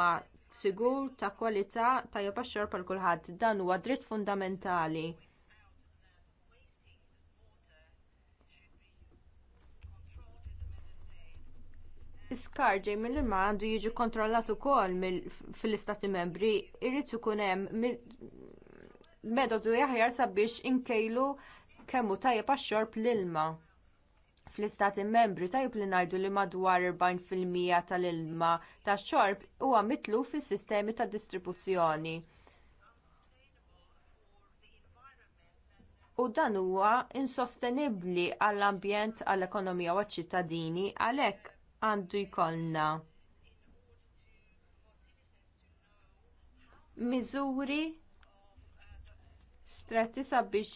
huwa sigur ta' kwalità tajjeb għax-xorb għal kulħadd. Dan huwa dritt fundamentali. Iskar ġej mill-ilma għandu jiġi kontrollat ukoll fil-istati membri, irrid ikun hemm metodu jaħjar sabiex inkejlu kemm hu tajjeb għax-xorb l-ilma fl-istati membri tajb li ngħidu li madwar 40% tal-ilma tax xorb huwa mitlu fis sistemi ta' distribuzzjoni. U dan huwa insostenibbli għall-ambjent, għall-ekonomija u għaċ-ċittadini għalhekk għandu jkollna miżuri stretti sabiex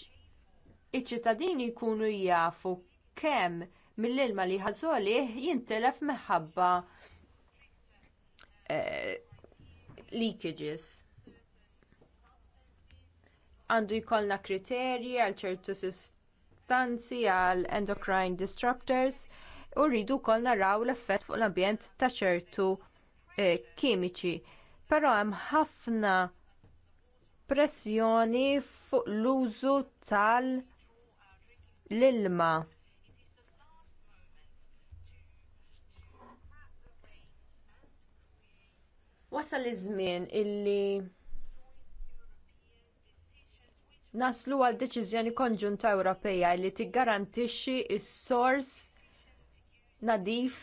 iċ-ċittadini jkunu jafu kemm mill-ilma li ħażoli jintilef minħabba eh, leakages. Għandu jkollna kriterji għal ċertu sustanzi għal endocrine disruptors u rridu wkoll naraw l-effett fuq l-ambjent ta' ċertu eh, kimiċi. Però hemm ħafna pressjoni fuq l-użu tal-ilma Wasal iż-żmien illi naslu għal deċiżjoni konġunta Ewropea li tiggarantixxi s-sors nadif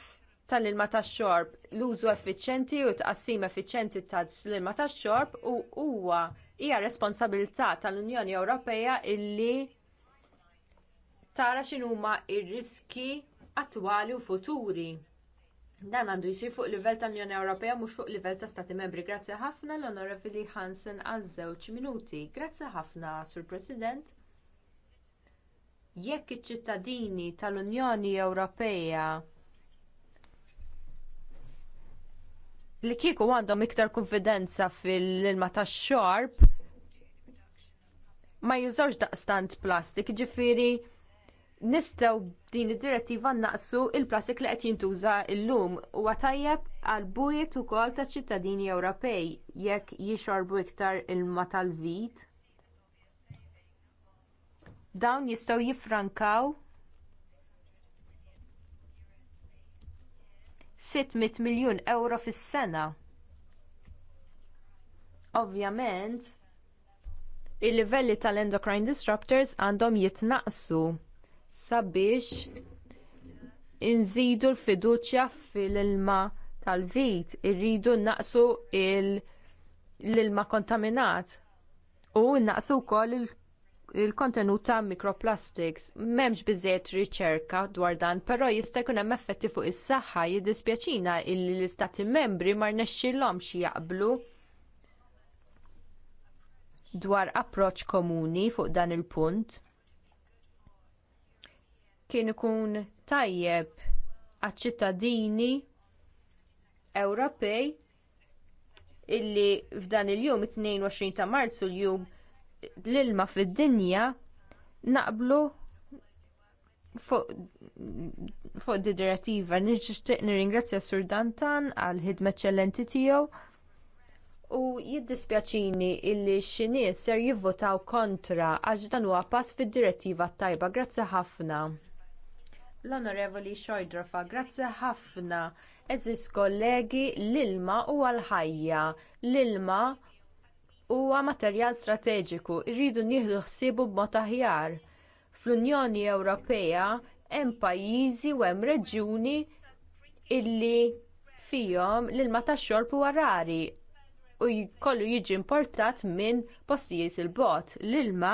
tal-ilma tax-xorb, l-użu effiċjenti u tqassim effiċjenti tal-ilma tax-xorb u huwa hija responsabilità tal-Unjoni Ewropea illi tara x'inhuma r riski attwali u futuri. Dan għandu jisir fuq livell ta' Unjoni Ewropea mhux fuq livell ta' Stati Membri. Grazzi ħafna l-Onorevoli Hansen għal żewġ minuti. Grazzi ħafna, Sur President. Jekk iċ-ċittadini tal-Unjoni Ewropea li kieku għandhom iktar konfidenza fil-ilma tax xorb ma jużawx daqstant plastik, ġifiri nistgħu din id-direttiva naqsu l plastik li qed jintuża llum huwa tajjeb għal bujiet ukoll taċ ċittadini Ewropej jekk jixorbu iktar ilma tal-vit. Dawn jistgħu jiffrankaw 600 miljun euro fis-sena. Ovvjament, il-livelli tal-endocrine disruptors għandhom jitnaqsu sabiex inżidu l-fiduċja fil-ilma tal-vit, irridu naqsu l-ilma kontaminat u naqsu wkoll il-kontenut ta' mikroplastics. M'hemmx biżżejjed riċerka dwar dan, però jista' jkun hemm effetti fuq is-saħħa jiddispjaċina li l-istati membri ma rnexxilhomx jaqblu dwar approċċ komuni fuq dan il-punt kien ikun tajjeb għaċ-ċittadini Ewropej illi f'dan il-jum 22 ta' Marzu l-jum l-ilma fid-dinja naqblu fuq id di direttiva nixtieq nirringrazzja Sur Dantan għal ħidma eċċellenti tiegħu u jiddispjaċini illi xi nies ser jivvotaw kontra għax dan huwa pass fid-direttiva tajba. Grazzi ħafna l-Onorevoli Xojdrofa, grazzi ħafna. Eżis kollegi, l-ilma huwa l-ħajja. L-ilma huwa materjal strateġiku, irridu nieħdu ħsibu b'mod aħjar. Fl-Unjoni Ewropea hemm pajjiżi u hemm reġjuni illi fihom l-ilma tax-xorb huwa rari u jkollu jiġi importat minn postijiet il-bot. L-ilma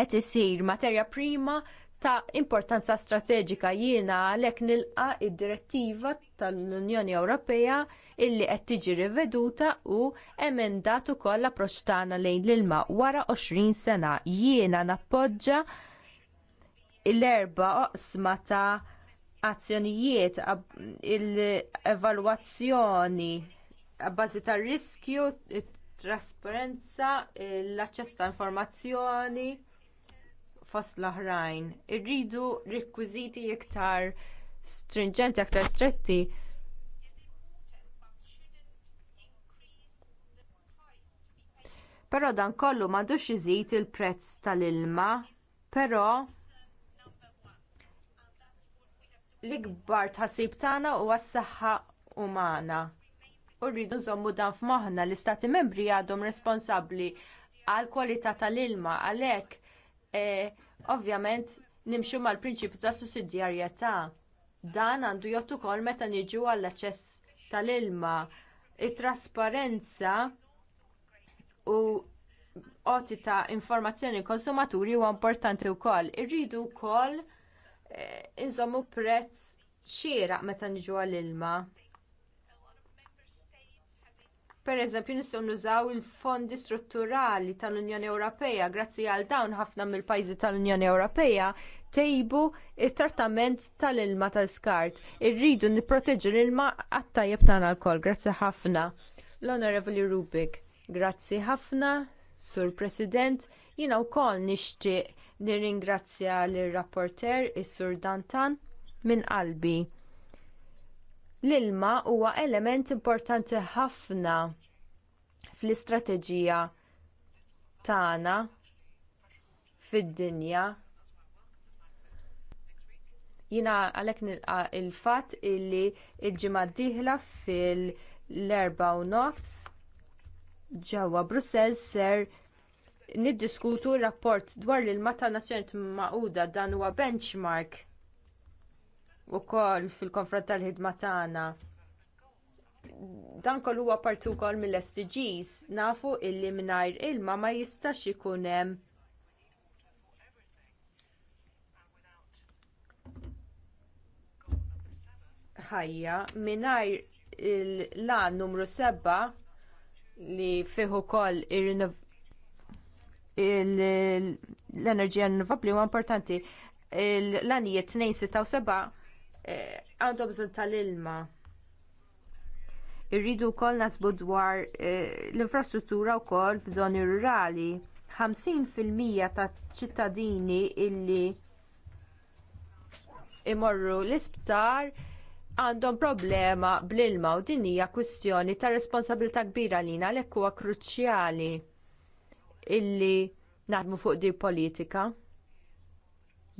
qed isir materja prima ta' importanza strateġika jiena għalhekk nilqa id-direttiva tal-Unjoni Ewropea illi qed tiġi riveduta u emendat ukoll l approċċ tagħna lejn l-ilma wara 20 sena jiena nappoġġa l-erba oqsma ta' azzjonijiet l-evalwazzjoni bbażi tar riskju, it trasparenza, l-aċċess ta' informazzjoni fost l-oħrajn. Irridu rekwiżiti iktar stringenti, iktar stretti. Però dan kollu m'għandux iżid il-prezz tal-ilma, però l-ikbar tħassib tagħna huwa s-saħħa umana. U rridu nżommu dan f'moħħna l-istati membri għadhom responsabbli għall kwalità tal-ilma għalhekk E, ovvjament nimxu mal-prinċipju ta' sussidjarjetà. Dan għandu jottu ukoll meta niġu għall-aċċess tal-ilma, it-trasparenza u qoti ta' informazzjoni konsumaturi huwa importanti wkoll. Irridu wkoll eh, inżommu prezz xieraq meta niġu għall-ilma. Pereżempju nistgħu nużaw il-fondi strutturali tal-Unjoni Ewropea grazzi għal dawn ħafna mill-pajjiżi tal-Unjoni Ewropea tejbu t trattament tal-ilma tal-skart. Irridu nipproteġu l-ilma għat-tajjeb tagħna lkoll. Grazzi ħafna. l on Rubik. Grazzi ħafna, Sur President, jiena wkoll nixtieq nirringrazzja lir rapporter is-Sur Dantan minn qalbi L-ilma huwa element importanti ħafna fl-istrateġija tagħna fid-dinja. Jiena għalhekk nilqa il-fatt illi l-ġimgħa il d-dieħla fil-erba u nofs ġewwa Brussels ser niddiskutu r rapport dwar l-ilma tan Nazzjonijiet Magħquda dan huwa benchmark wkoll fil-konfront tal-ħidma tagħna. Dan kollu huwa parti wkoll mill-SDGs nafu illi mingħajr ilma ma jistax ikun hemm ħajja mingħajr il-lan numru 7 li fih ukoll l-enerġija rinnovabbli huwa importanti l-lanijiet 267 Eh, għandhom bżonn tal-ilma. Irridu wkoll nasbu dwar eh, l-infrastruttura wkoll f'żoni rurali. 50% ta' ċittadini illi imorru l-isptar għandhom problema bl-ilma u din hija kwistjoni ta' responsabilità kbira lina għalhekk huwa kruċjali illi naħdmu fuq din politika.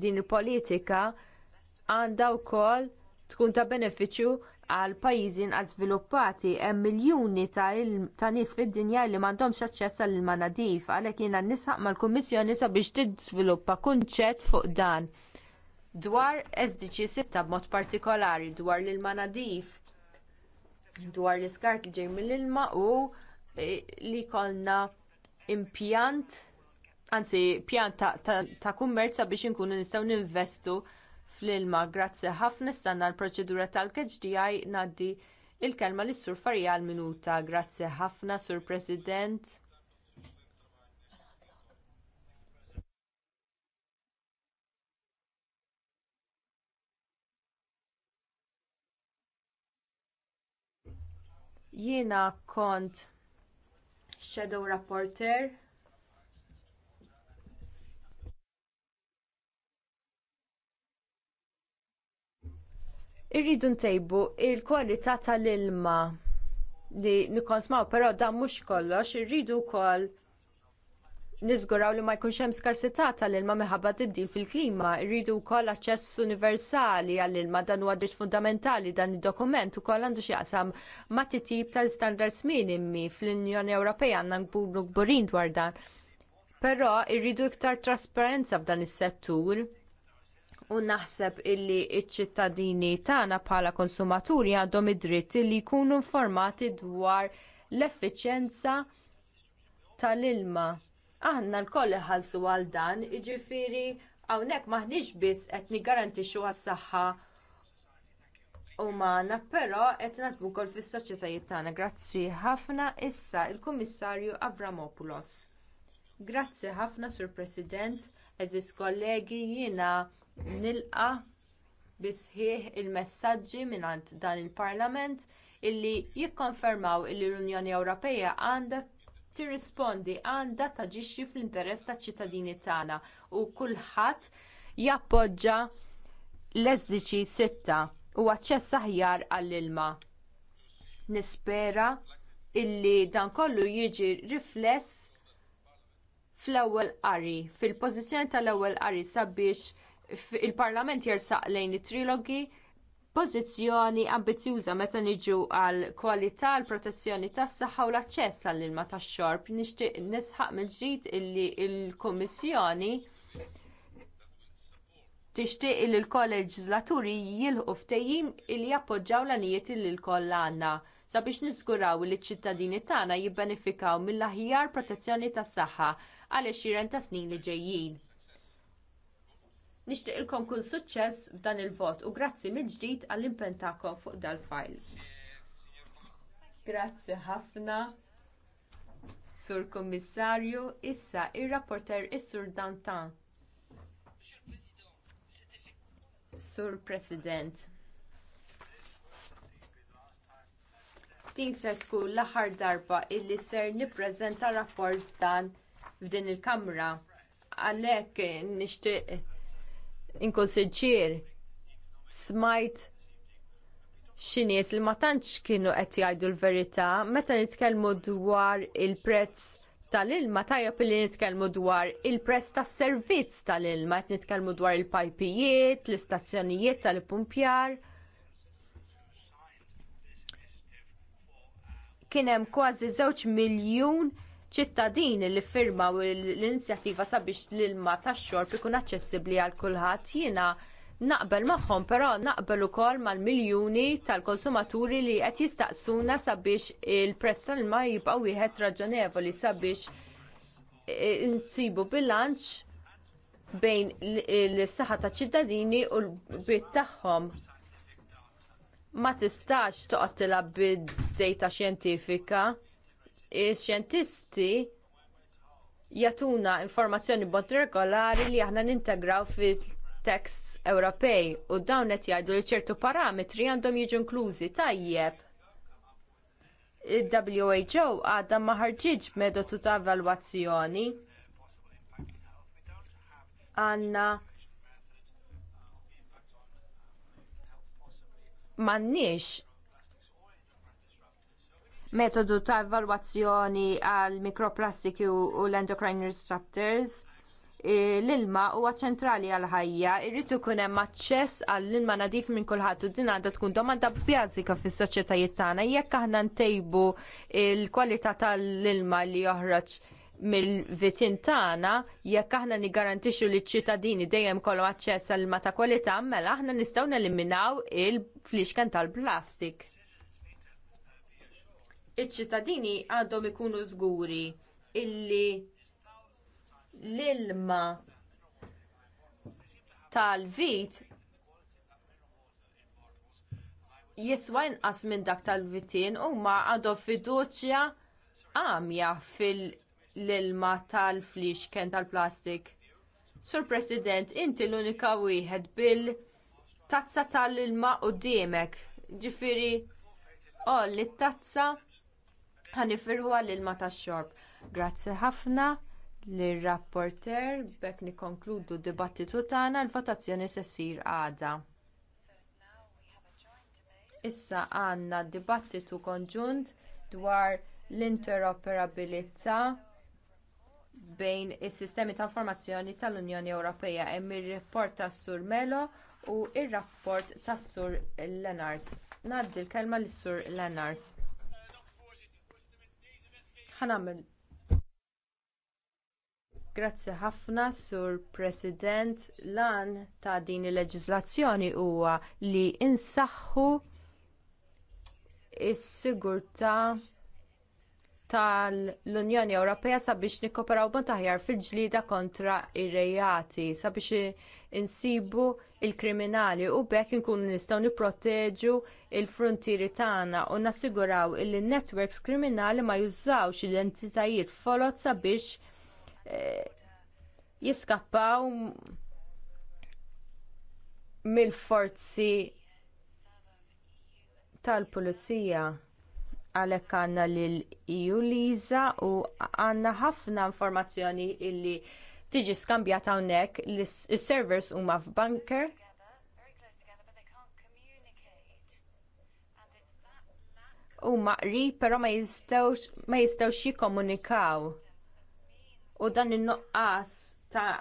Din il-politika għandha wkoll tkun ta' benefiċċju għal pajjiżi għal żviluppati hemm miljuni ta', ta nies fid-dinja li m'għandhomx aċċess għall ilma nadif għalhekk jiena nisħaq mal-Kummissjoni sabiex sviluppa kunċett fuq dan dwar SDG 6 b'mod partikolari dwar l-ilma nadif dwar l-iskart li ġej mill-ilma u e, li jkollna impjant anzi pjant ta', ta, ta kummerza biex inkunu nistgħu ninvestu fl-ilma. Grazzi ħafna s l-proċedura tal-KHDI ngħaddi l kelma lis sur Farija għall minuta Grazzi ħafna, Sur President. Jiena kont shadow rapporteur Irridu ntejbu il-kwalità tal-ilma li nikonsmaw, però dan mhux kollox, irridu wkoll niżguraw li ma jkunx hemm skarsità tal-ilma minħabba tibdil fil-klima, irridu wkoll aċċess universali għall-ilma dan huwa dritt fundamentali dan id-dokument ukoll għandu jaqsam ma titjib tal-standards minimi fl-Unjoni Ewropea għandna nkunu gburin dwar dan. Però irridu iktar trasparenza f'dan is-settur u naħseb illi iċ-ċittadini tagħna bħala konsumaturi għandhom id-dritt li jkunu informati dwar l-effiċjenza tal-ilma. Aħna lkoll iħallsu għal dan, jiġifieri hawnhekk maħniex biss qed niggarantixxu għas-saħħa umana, però qed nasbu wkoll fis-soċjetajiet tagħna. Grazzi ħafna issa l kummissarju Avramopoulos. Grazzi ħafna, Sur President, eżis kollegi jiena nilqa bisħieħ il-messaġġi għand dan il-Parlament illi jikkonfermaw li l-Unjoni Ewropea għandha tirrispondi għandha taġixxi fl-interess taċ-ċittadini tagħna u kulħadd jappoġġa l-SDG 6 u aċċess aħjar għall-ilma. Nispera illi dan kollu jiġi rifless fl-ewwel qari, fil-pożizzjoni tal-ewwel qari sabiex il-Parlament jersaq lejn it-trilogi pożizzjoni ambizzjuża meta niġu għal kwalità l protezzjoni tas-saħħa u l-aċċess għall ilma tax-xorb nixtieq nisħaq mill-ġdid illi l-Kummissjoni tixtieq li l-kolleġġlaturi jilħqu ftehim illi jappoġġjaw l-anijiet illi l-koll għandna sabiex niżguraw li ċ-ċittadini tagħna jibbenefikaw mill-aħjar protezzjoni tas-saħħa għaliex għexieren ta' snin li ġejjin. Nixtieq ilkom kull suċċess f'dan il-vot u grazzi mill-ġdid għall-impen tagħkom fuq dal-fajl. Grazzi ħafna. Sur Kommissarju, issa ir-rapporter is-Sur Dantan. Sur President. Din se tkun l-aħħar darba illi ser nippreżenta rapport dan f'din il-Kamra. Għalhekk nixtieq inkun sinċir, smajt xinies li ma tantx kienu qed jgħidu l-verità meta nitkellmu dwar il-prezz tal-ilma tajjeb li nitkellmu dwar il-prezz tas-servizz tal-ilma qed nitkellmu dwar il-pajpijiet, l-istazzjonijiet tal-pumpjar. Kien hemm kważi żewġ miljun ċittadini li firmaw l-inizjattiva sabiex l-ilma tax-xorb ikun aċċessibbli għal kulħadd jiena naqbel magħhom, però naqbel ukoll mal-miljuni tal-konsumaturi li qed jistaqsuna sabiex il-prezz tal-ilma jibqa' wieħed raġonevoli sabiex eh, insibu bilanċ bejn is-saħħa taċ-ċittadini u l-bit tagħhom ma tistax toqgħod tilgħab bid-dejta xjentifika ix-xjentisti jagħtuna informazzjoni b'mod regolari li aħna nintegraw fil tekst Ewropej u dawn qed jgħidu li ċertu parametri għandhom jiġu inklużi tajjeb. Il-WHO għadha ma ħarġitx metodu ta' evalwazzjoni. Għandna m'għandniex metodu ta' evalwazzjoni għal mikroplastiki u l-endocrine disruptors e, l-ilma huwa ċentrali għal ħajja, irrid ikun hemm aċċess għall-ilma nadif minn kulħadd u din għandha tkun domanda bjażika fis-soċjetajiet tagħna jekk aħna ntejbu l-kwalità tal-ilma li joħroġ mill-vitin tagħna jekk aħna niggarantixxu li ċ-ċittadini dejjem kollu aċċess għall ilma ta' kwalità mela aħna nistgħu neliminaw il-flixken tal-plastik iċ-ċittadini għadhom ikunu żguri illi l-ilma tal-vit jiswa inqas minn dak tal-vitin huma għadhom fiduċja għamja fil-ilma tal ken tal-plastik. Sur President, inti l-unika wieħed bil-tazza tal-ilma u Ġifieri, oh, li t tazza ħanifirru għall-ilma tax-xorb. Grazzi ħafna lir rapporter bekk nikkonkludu d dibattitu tagħna l-votazzjoni se ssir għada. Issa għandna dibattitu konġunt dwar l-interoperabilità bejn is-sistemi ta' informazzjoni tal-Unjoni Ewropea hemm ir-rapport tas-Sur Melo u r rapport tas-Sur Lenars. Ngħaddi l-kelma lis-Sur Lenars ħanamel. Grazzi ħafna, Sur President. Lan ta' din il leġiżlazzjoni huwa li insaħħu is-sigurtà tal-Unjoni Ewropea sabiex nikkoperaw b'mod aħjar fil-ġlida kontra ir-rejati sabiex insibu l kriminali u bekk inkunu nistgħu nipproteġu l frontieri tagħna u nassiguraw li n netwerks kriminali ma jużawx l-entitajiet folozza biex eh, jiskappaw mill-forzi tal-pulizija għalhekk għandna lil EU Liza u għandna ħafna informazzjoni illi tiġi skambjata hawnhekk is-servers huma f'bunker. Huma qrib però ma jistgħux ma jikkomunikaw. U dan in-nuqqas ta'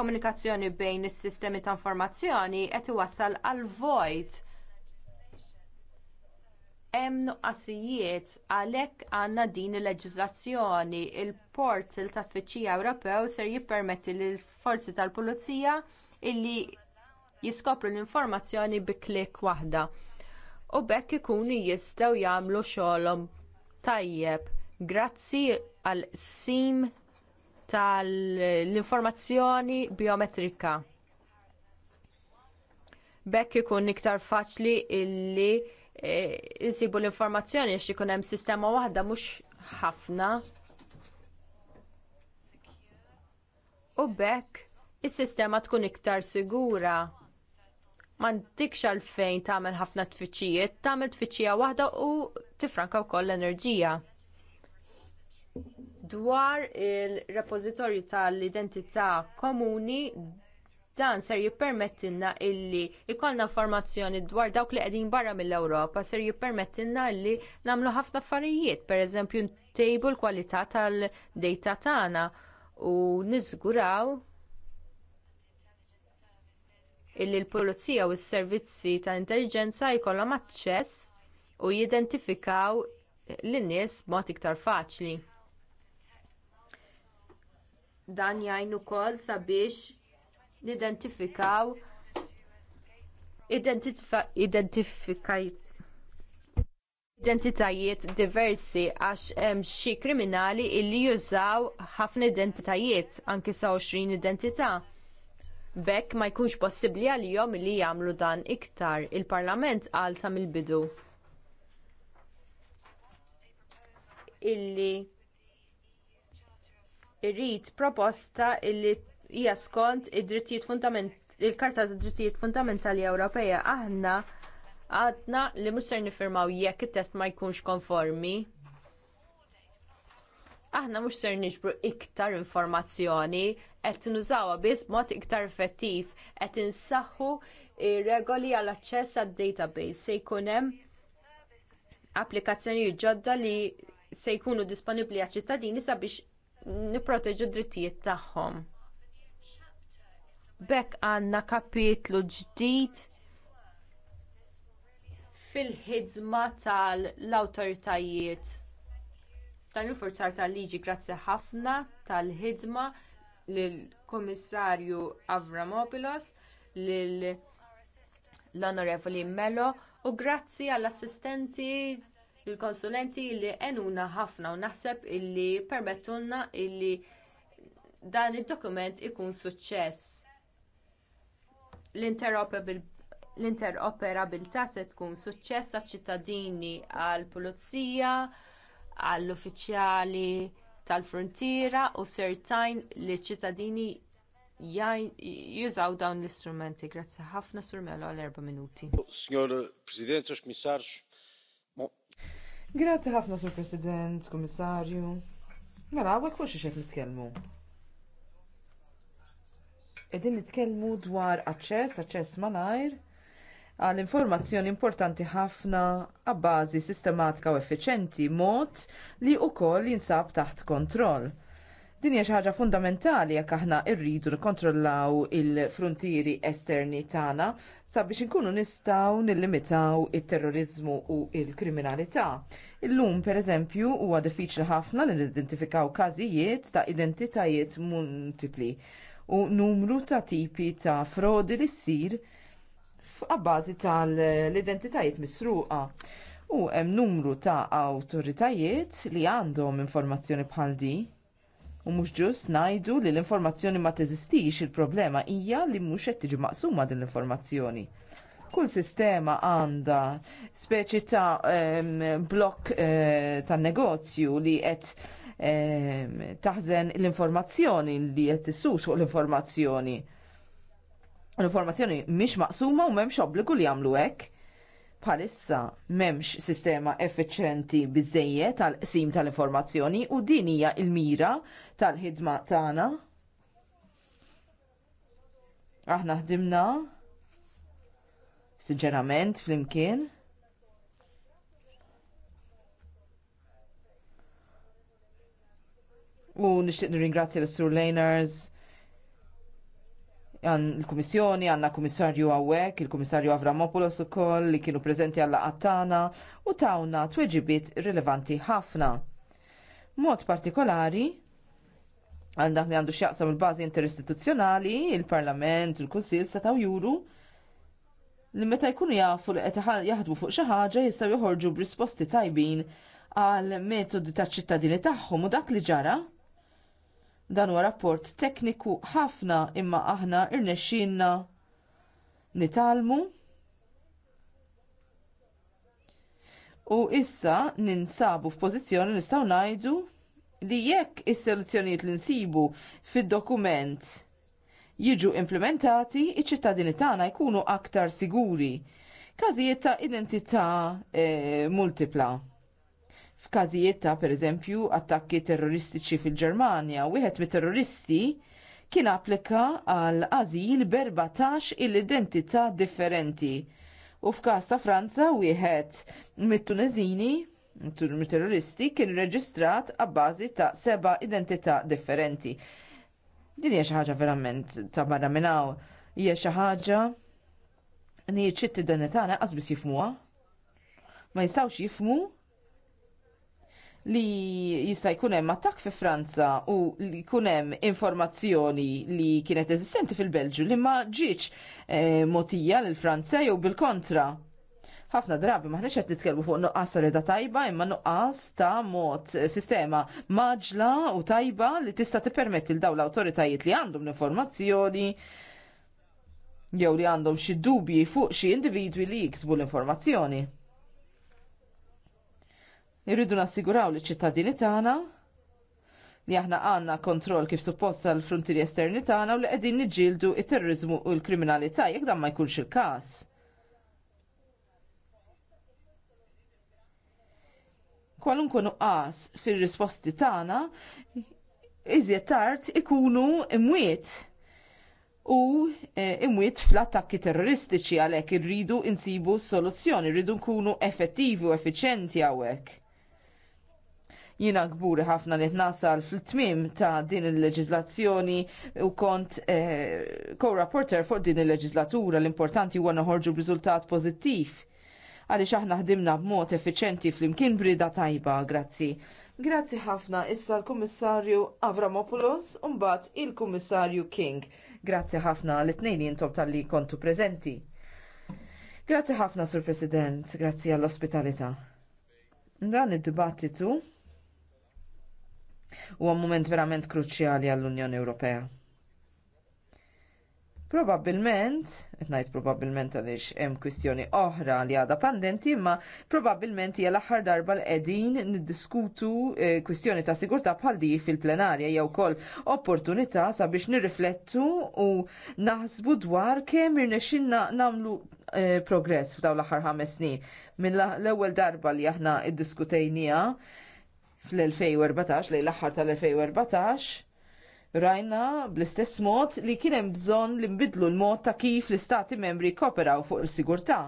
komunikazzjoni bejn is-sistemi ta' informazzjoni qed iwassal għal void hemm nuqqasijiet għalhekk għandna din il-leġiżlazzjoni il ports ta' tfittxija Ewropew ser jippermetti lill forzi tal-pulizija illi jiskopru l-informazzjoni bi klik waħda. U b'hekk ikunu jistgħu jagħmlu xogħolhom tajjeb grazzi għal sim tal-informazzjoni biometrika. B'hekk ikun iktar faċli illi E, insibu l-informazzjoni għax ikun hemm sistema waħda mhux ħafna. U bekk is-sistema tkun iktar sigura. Ma ntikx għalfejn tagħmel ħafna tfittxijiet, tagħmel tfittxija waħda u tifranka wkoll l-enerġija. Dwar il-repożitorju tal-identità komuni Dan ser jippermettilna illi ikollna informazzjoni dwar dawk li qegħdin barra mill-Ewropa, ser jippermettilna illi nagħmlu ħafna affarijiet, pereżempju ntejbu l-kwalità tal-dejta tagħna u niżguraw illi l-Pulizija u s-Servizzi ta' Intelligenza jkollhom aċċess u jidentifikaw lin-nies b'mod iktar faċli dan jgħin ukoll sabiex nidentifikaw identitajiet diversi għax hemm xi kriminali li jużaw ħafna identitajiet anke sa 20 identità. B'hekk ma jkunx possibbli għalihom li jagħmlu dan iktar. Il-Parlament qal sa mill-bidu. Illi irrid proposta illi hija skont id-drittijiet fundamentali il-Karta tad Drittijiet Fundamentali Ewropea aħna għadna li mhux ser nifirmaw jekk it-test ma jkunx konformi. Aħna mhux ser niġbru iktar informazzjoni qed nużawha biss b'mod iktar effettiv qed insaħħu regoli għall aċċess għad-database se jkun hemm applikazzjonijiet ġodda li se jkunu disponibbli għaċ ċittadini sabiex nipproteġu d-drittijiet tagħhom. B'hekk għandna kapitlu ġdid fil-ħidma tal-awtoritajiet. Dan il-forzar tal-liġi grazzi ħafna tal-ħidma lill-Kummissarju Avramopoulos, lill-Onorevoli Mello u grazzi għall-assistenti lill-konsulenti li għenuna ħafna u naħseb illi permettunna illi dan id il dokument ikun suċċess. L-interoperabilità se tkun suċċess għax ċittadini għall-pulizija, għall-uffiċjali tal-frontiera u sertajn li ċittadini jużaw dawn l-istrumenti. Grazzi ħafna sur mela għal erba minuti. Signor President, sux Grazzi ħafna sur President, Komissarju. Mela, għawek xiex xek nitkellmu. Qegħdin nitkellmu dwar aċċess, aċċess malajr, għal informazzjoni importanti ħafna għabbażi sistematika u effiċenti mod li wkoll jinsab taħt kontroll. Din hija xi ħaġa fundamentali jekk aħna rridu nikkontrollaw il-frontieri esterni tagħna sabiex inkunu nistgħu nillimitaw it-terrorizmu u l kriminalità Illum pereżempju huwa diffiċli ħafna li nidentifikaw każijiet ta' identitajiet multipli u numru ta' tipi ta' frodi li ssir f'abbażi tal-identitajiet misruqa. U hemm numru ta' awtoritajiet li għandhom informazzjoni bħal di. U mhux ġust ngħidu li l-informazzjoni ma teżistix, il-problema hija li mhux qed tiġi maqsuma din l-informazzjoni. Kull sistema għandha speċi ta' blokk eh, tan negozju li qed taħżen l-informazzjoni li qed tissus fuq l-informazzjoni. L-informazzjoni mhix maqsuma u m'hemmx obbligu li jagħmlu hekk. Bħalissa m'hemmx sistema effiċenti biżejjed tal-qsim tal-informazzjoni u din hija l-mira tal-ħidma tagħna. Aħna ħdimna sinċerament flimkien U nixtieq nirringrazzja l-Sur Lejners, għan il-Kummissjoni, għanna Kummissarju għawek, il-Kummissarju Avramopoulos u koll li kienu prezenti għalla għattana u tawna tweġibit rilevanti ħafna. Mod partikolari, għandak li għandu xjaqsam il-bazi interistituzjonali, il-Parlament, il-Kunsil setaw juru li meta jkunu jafu li qed jaħdmu fuq xi ħaġa jistgħu joħorġu b'risposti tajbin għal metodi taċ-ċittadini tagħhom u dak li ġara Dan huwa rapport tekniku ħafna imma aħna irnexxinna nitalmu u issa ninsabu f'pożizzjoni nistgħu ngħidu li jekk is-soluzzjonijiet li nsibu fid-dokument jiġu implementati, iċ-ċittadini tagħna jkunu aktar siguri. Każijiet ta' identità e, multipla. F'każijiet ta' pereżempju attakki terroristiċi fil-Ġermanja, wieħed mit-terroristi kien applika għal għażil berbatax il-identità differenti. U f'każ ta' Franza wieħed mit-Tunezini mit-terroristi kien reġistrat għabbażi ta' seba' identità differenti. Din hija xi ħaġa verament ta' barra minn hawn hija xi ħaġa li ċ-ċittadini tagħna qas biss jifhmuha. Ma jistgħux jifhmu li jista' jkun hemm attakk fi Franza u li jkun hemm informazzjoni li kienet eżistenti fil-Belġu li ma ġietx e, motija lil Franza jew bil-kontra. Ħafna drabi maħniex qed nitkellmu fuq nuqqas reda tajba imma nuqqas ta' mod eh, sistema maġla u tajba li tista' tippermetti l dawn l-awtoritajiet li għandhom l-informazzjoni jew li għandhom xi dubji fuq xi individwi li jiksbu l-informazzjoni. Irridu nassiguraw li ċittadini tagħna li aħna għanna kontroll kif supposta l-frontieri esterni tagħna u li qegħdin niġġieldu it-terrorizmu u l-kriminalità jekk dan ma jkunx il-każ. Kwalunkwe nuqqas fir-risposti tagħna iżjed tard ikunu imwiet u eh, imwiet fl-attakki terroristiċi għalhekk irridu insibu soluzzjoni, rridu nkunu effettivi u effiċenti hawnhekk Jina gburi ħafna li nasal fil-tmim ta' din il-leġizlazzjoni u kont eh, co-rapporter fuq din il-leġizlatura l-importanti huwa noħorġu b'riżultat pożittiv għaliex aħna ħdimna b'mod effiċenti fl-imkien brida tajba, grazzi. Grazzi ħafna issa l-Kummissarju Avramopoulos u mbagħad il-Kummissarju King. Grazzi ħafna l-tnejn intom tal-li kontu preżenti. Grazzi ħafna, Sur President, grazzi għall-ospitalità. Dan id-dibattitu Huwa mument verament kruċjali għall-Unjoni Ewropea. Probabilment, qed ngħid probabbilment għaliex hemm kwistjoni oħra li għadha pandenti, imma probabbilment hija l-aħħar darba l-qegħdin niddiskutu eh, kwistjoni ta' sigurtà bħal di fil-plenarja jew ukoll opportunità sabiex nirriflettu u naħsbu dwar kemm irnexxinna nagħmlu eh, progress f'dawn l-aħħar ħames snin. Minn l-ewwel darba li aħna iddiskutejnija fl-2014, lejn l-aħħar tal-2014, rajna bl-istess mod li kien hemm bżonn li nbidlu l-mod ta' kif l-istati membri jkoperaw fuq il-sigurtà.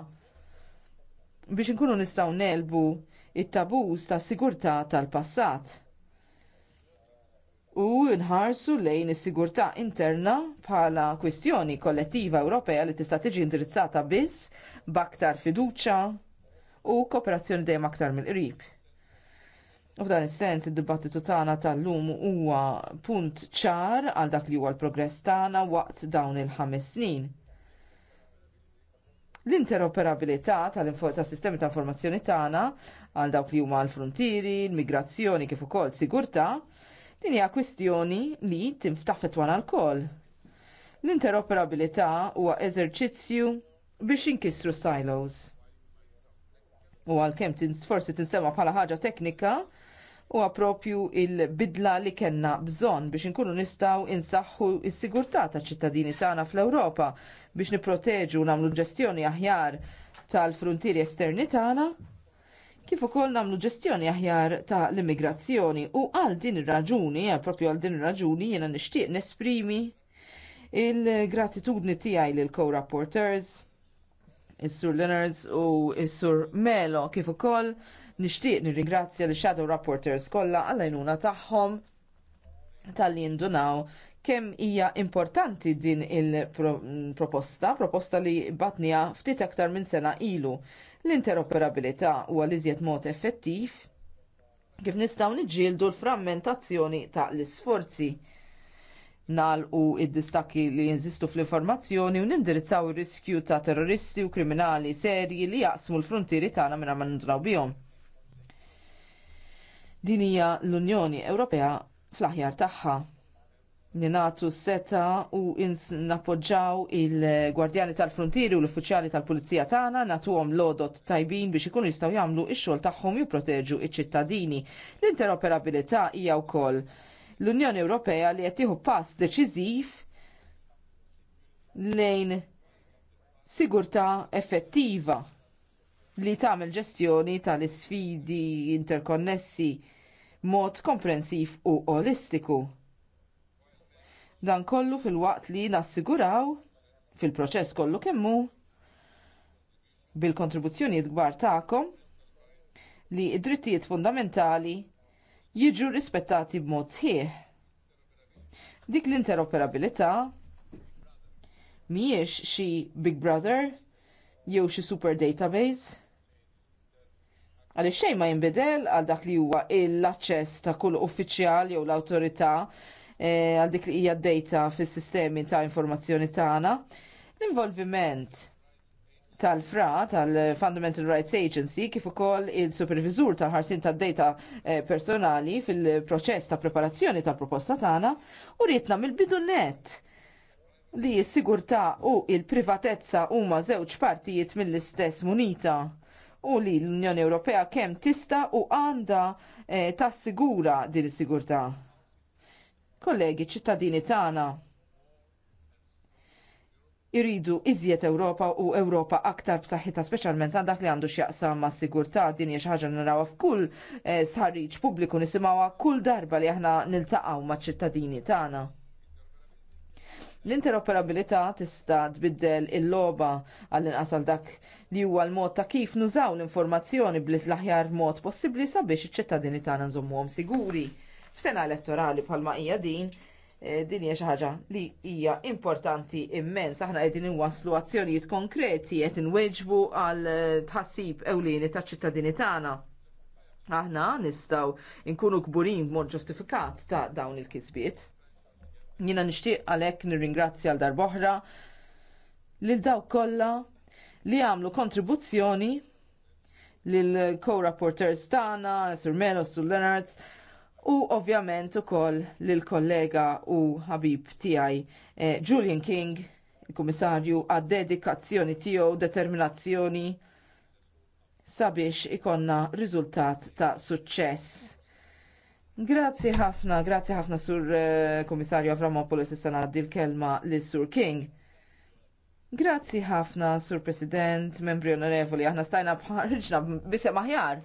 Biex inkunu nistgħu nelbu it-tabuż tas sigurtà tal-passat u nħarsu lejn is-sigurtà interna bħala kwistjoni kollettiva Ewropea li tista' tiġi indirizzata biss b'aktar fiduċja u kooperazzjoni dejjem aktar mill-qrib. U f'dan is-sens id-dibattitu tagħna tal-lum huwa punt ċar għal dak li huwa l-progress tagħna waqt dawn il-ħames snin. L-interoperabilità tal-sistemi ta' informazzjoni tagħna għal dawk li huma l-frontieri, l-migrazzjoni kif ukoll sigurtà, din hija kwistjoni li tinftaħ fetwana l-koll. L-interoperabilità huwa eżerċizzju biex inkissru silos. U għalkemm forsi tinstema bħala ħaġa teknika, u għapropju il-bidla li kellna bżonn biex inkunu nistgħu insaħħu s-sigurtà taċ ċittadini tagħna fl-Ewropa biex nipproteġu nagħmlu ġestjoni aħjar tal-frontieri esterni tagħna kif ukoll nagħmlu ġestjoni aħjar ta' l-immigrazzjoni u għal din ir-raġuni, propju għal din ir-raġuni jiena nixtieq nesprimi il-gratitudni tiegħi lil co-rapporters, is-Sur Leonards u is-Sur Melo kif ukoll Nixtieq nirringrazzja li shadow rapporteurs kollha għall-għajnuna tagħhom tal-li jindunaw kemm hija importanti din il-proposta, proposta li batnija ftit aktar minn sena ilu. L-interoperabilità huwa li mod effettiv kif nistgħu niġġieldu l-frammentazzjoni ta' l-isforzi nalqu id-distakki li jinżistu fl-informazzjoni u nindirizzaw ir-riskju ta' terroristi u kriminali serji li jaqsmu l-frontieri tagħna minn ma bihom. Din hija l-Unjoni Ewropea fl-aħjar tagħha. Ninatu seta u nappoġġaw il-Gwardjani tal-Frontieri u l-Uffiċjali tal-Pulizija tagħna nagħtuhom lodot tajbin biex ikunu jistgħu jagħmlu x-xogħol tagħhom jipproteġu iċ-ċittadini. L-interoperabilità hija wkoll l-Unjoni Ewropea li qed tieħu pass deċiżiv lejn sigurtà effettiva li tagħmel ġestjoni tal-isfidi interkonnessi mod komprensiv u olistiku. Dan kollu fil-waqt li nassiguraw fil-proċess kollu kemmu bil-kontribuzzjonijiet kbar tagħkom li id-drittijiet fundamentali jiġu rispettati b'mod sħiħ. Dik l-interoperabilità mhijiex xi Big Brother jew xi super database għaliex xej ma jinbidel għal dak li huwa l-aċċess ta' kull uffiċjal jew l-awtorità eh, għal dik li hija d-data fis-sistemi ta' informazzjoni tagħna. L-involviment tal-FRA, tal-Fundamental Rights Agency, kif ukoll il-supervizur tal-ħarsin tad-data eh, personali fil-proċess ta' preparazzjoni tal-proposta tagħna u rietna mill-bidu net li s-sigurtà u l privatezza huma żewġ partijiet mill-istess munita u li l-Unjoni Ewropea kemm tista u għandha eh, tassigura din is-sigurtà. Kollegi ċittadini tagħna irridu iżjed Ewropa u Ewropa aktar b'saħħitha speċjalment għal dak li għandu x'jaqsam ma' sigurtà din hija xi ħaġa narawha f'kull eh, sħarriġ pubbliku nisimgħuha kull darba li aħna niltaqgħu maċ-ċittadini tagħna. L-interoperabilità tista' tbiddel il-logħba għall-inqas għal dak li huwa l-mod ta' kif nużaw l-informazzjoni bliż l-aħjar mod possibbli sabiex iċ-ċittadini tagħna nżommuhom siguri. F'sena elettorali bħalma hija din, eh, din hija xi ħaġa li hija importanti immens. Aħna qegħdin inwasslu azzjonijiet konkreti qed inweġbu għal eh, tħassib ewlieni taċ-ċittadini tagħna. Aħna nistgħu nkunu kburin b'mod ġustifikat ta' dawn il-kisbiet. Jina nishtiq għalek nirringrazzja għal darboħra lil daw kolla li għamlu kontribuzzjoni lil co-rapporters tana, Sir Melo, Sir Leonards, u ovvjament u koll lil kollega u ħabib tijaj eh, Julian King, il-komissarju, għad dedikazzjoni tijow, determinazzjoni sabiex ikonna riżultat ta' suċċess Grazzi ħafna, grazzi ħafna sur eh, komissarju Avramopolis s-sana dil-kelma li sur King. Grazzi ħafna sur President, membri onorevoli, aħna stajna bħarġna bisja maħjar.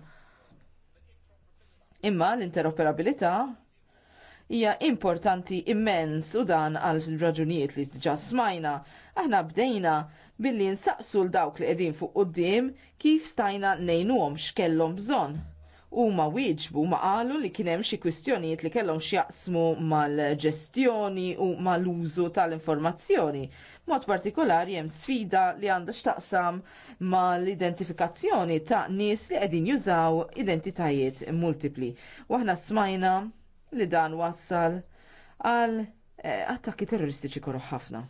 Imma l-interoperabilità hija importanti immens u dan għal raġunijiet li diġà smajna. Aħna bdejna billi nsaqsu l-dawk li qegħdin fuq quddiem kif stajna nejnuhom x'kellhom bżonn huma wieġbu ma qalu li kien hemm xi kwistjonijiet li kellhom x'jaqsmu mal-ġestjoni u mal-użu tal-informazzjoni. Mod partikolari hemm sfida li għandha x'taqsam mal-identifikazzjoni ta' nies li qegħdin jużaw identitajiet multipli. U aħna smajna li dan wassal għal eh, attakki terroristiċi korru ħafna.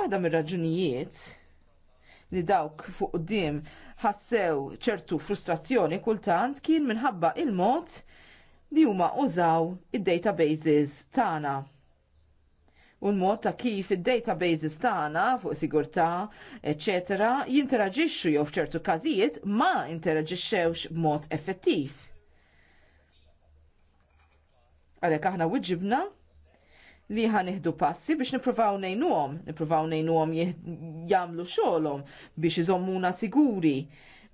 Waħda mir-raġunijiet li dawk fuq qudiem ħassew ċertu frustrazzjoni kultant kien minħabba il-mod li huma użaw id-databases tagħna. U l-mod ta' kif id-databases tagħna fuq sigurtà, eċetera, jinteraġixxu jew f'ċertu każijiet ma interaġixxewx b'mod effettiv. Għalhekk aħna wiġibna li iħdu passi biex nipruvaw nejnuhom, nipruvaw nejnuhom jagħmlu xogħolhom biex iżommuna siguri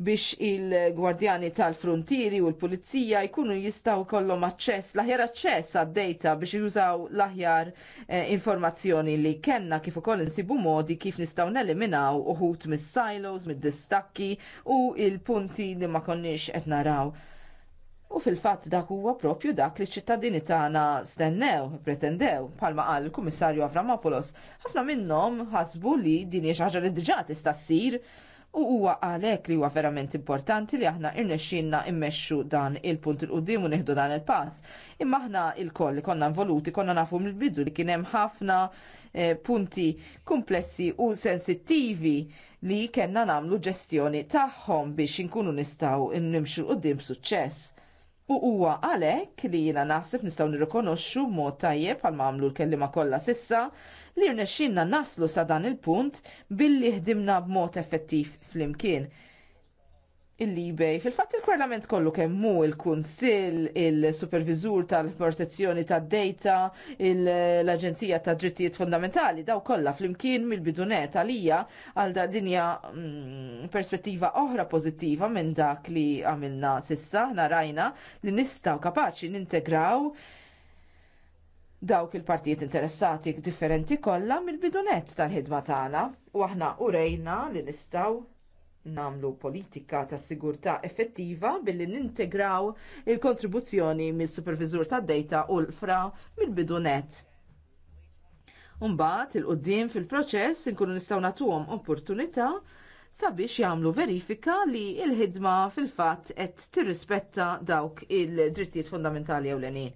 biex il-gwardjani tal-frontieri u l-pulizija jkunu jistaw kollom aċċess, l-aħjar aċċess għad-data biex jużaw l-aħjar eh, informazzjoni li kenna kif ukoll insibu modi kif nistaw neliminaw uħut mis-silos, mid-distakki u il-punti li ma konniex qed naraw U fil-fatt dak huwa propju dak li ċittadini tagħna stennew, pretendew, palma qal il-Kummissarju Avramopoulos. Ħafna minnhom ħasbu li din hija xi ħaġa li diġà tista' ssir u huwa għalhekk li huwa verament importanti li aħna irnexxinna immexxu dan il-punt il-qudiem u nieħdu dan il-pass. Imma aħna l koll li konna involuti konna nafu mill-bidu li kien hemm ħafna eh, punti komplessi u sensittivi li kellna nagħmlu ġestjoni tagħhom biex inkunu nistgħu nimxu qudiem b'suċċess. U huwa għalhekk li jiena naħseb nistgħu nirrikonoxxu mod tajjeb għal għamlu l-kelliema kollha sissa li rnexxinna naslu sa dan il-punt billi ħdimna b'mod effettiv flimkien il-libej. Fil-fatt il-parlament kollu kemmu il-Kunsill, il-Supervizur tal-Protezzjoni tad data l-Aġenzija ta' Drittijiet Fundamentali, daw kollha flimkien mill-bidunet għalija għal da' dinja mm, perspettiva oħra pożittiva minn dak li għamilna sissa, narajna li nistaw kapaċi nintegraw dawk il-partijiet interessati differenti kollha mill-bidunet tal-ħidma tagħna u aħna urejna li nistaw namlu politika ta' sigurtà effettiva billi nintegraw il-kontribuzzjoni mill-supervizur tad data u l-fra mill-bidu net. Umbat il-qoddim fil-proċess inkunu nistgħu nagħtuhom opportunità sabiex jagħmlu verifika li l ħidma fil-fatt qed tirrispetta dawk il-drittijiet fundamentali ewlenin.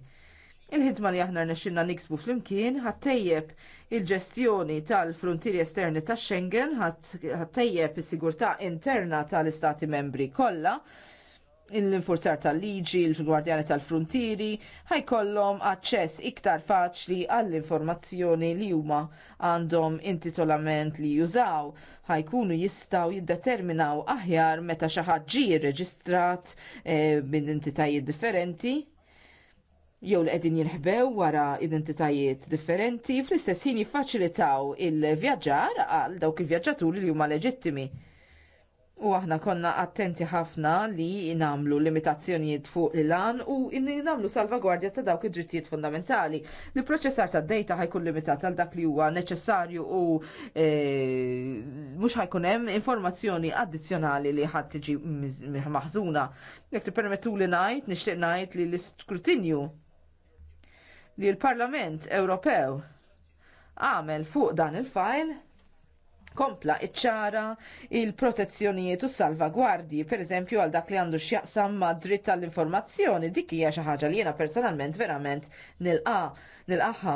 Il-ħidma li aħna rnexxilna niksbu flimkien ħattejjeb il-ġestjoni tal-frontieri esterni tax Schengen, ħattejjeb is-sigurtà interna tal-Istati membri kollha, l-infurzar tal-liġi, l-gwardjani tal-frontieri, ħajkollhom aċċess iktar faċli għall-informazzjoni li huma għandhom intitolament li jużaw, ħajkunu jistgħu jiddeterminaw aħjar meta xi ħadd ġie rreġistrat eh, minn entitajiet differenti, jew li qegħdin jinħbew wara identitajiet differenti fl-istess ħin jiffaċilitaw il-vjaġġar għal dawk il-vjaġġaturi li huma leġittimi. U aħna konna attenti ħafna li namlu limitazzjonijiet fuq l-lan u namlu salvagwardja ta' dawk id-drittijiet fundamentali. Li proċessar ta' data ħajkun limitat għal dak li huwa neċessarju u e, mhux ħajkun hemm informazzjoni addizzjonali li ħadd tiġi maħżuna. Jekk tippermettu li ngħid, nixtieq ngħid li l-iskrutinju li l-Parlament Ewropew għamel fuq dan il-fajl kompla iċċara il-protezzjonijiet u salvagwardji, per eżempju għal dak li għandu x'jaqsam ma' dritt tal-informazzjoni, dik hija xi ħaġa li jiena personalment verament nilqa nilqaħħa.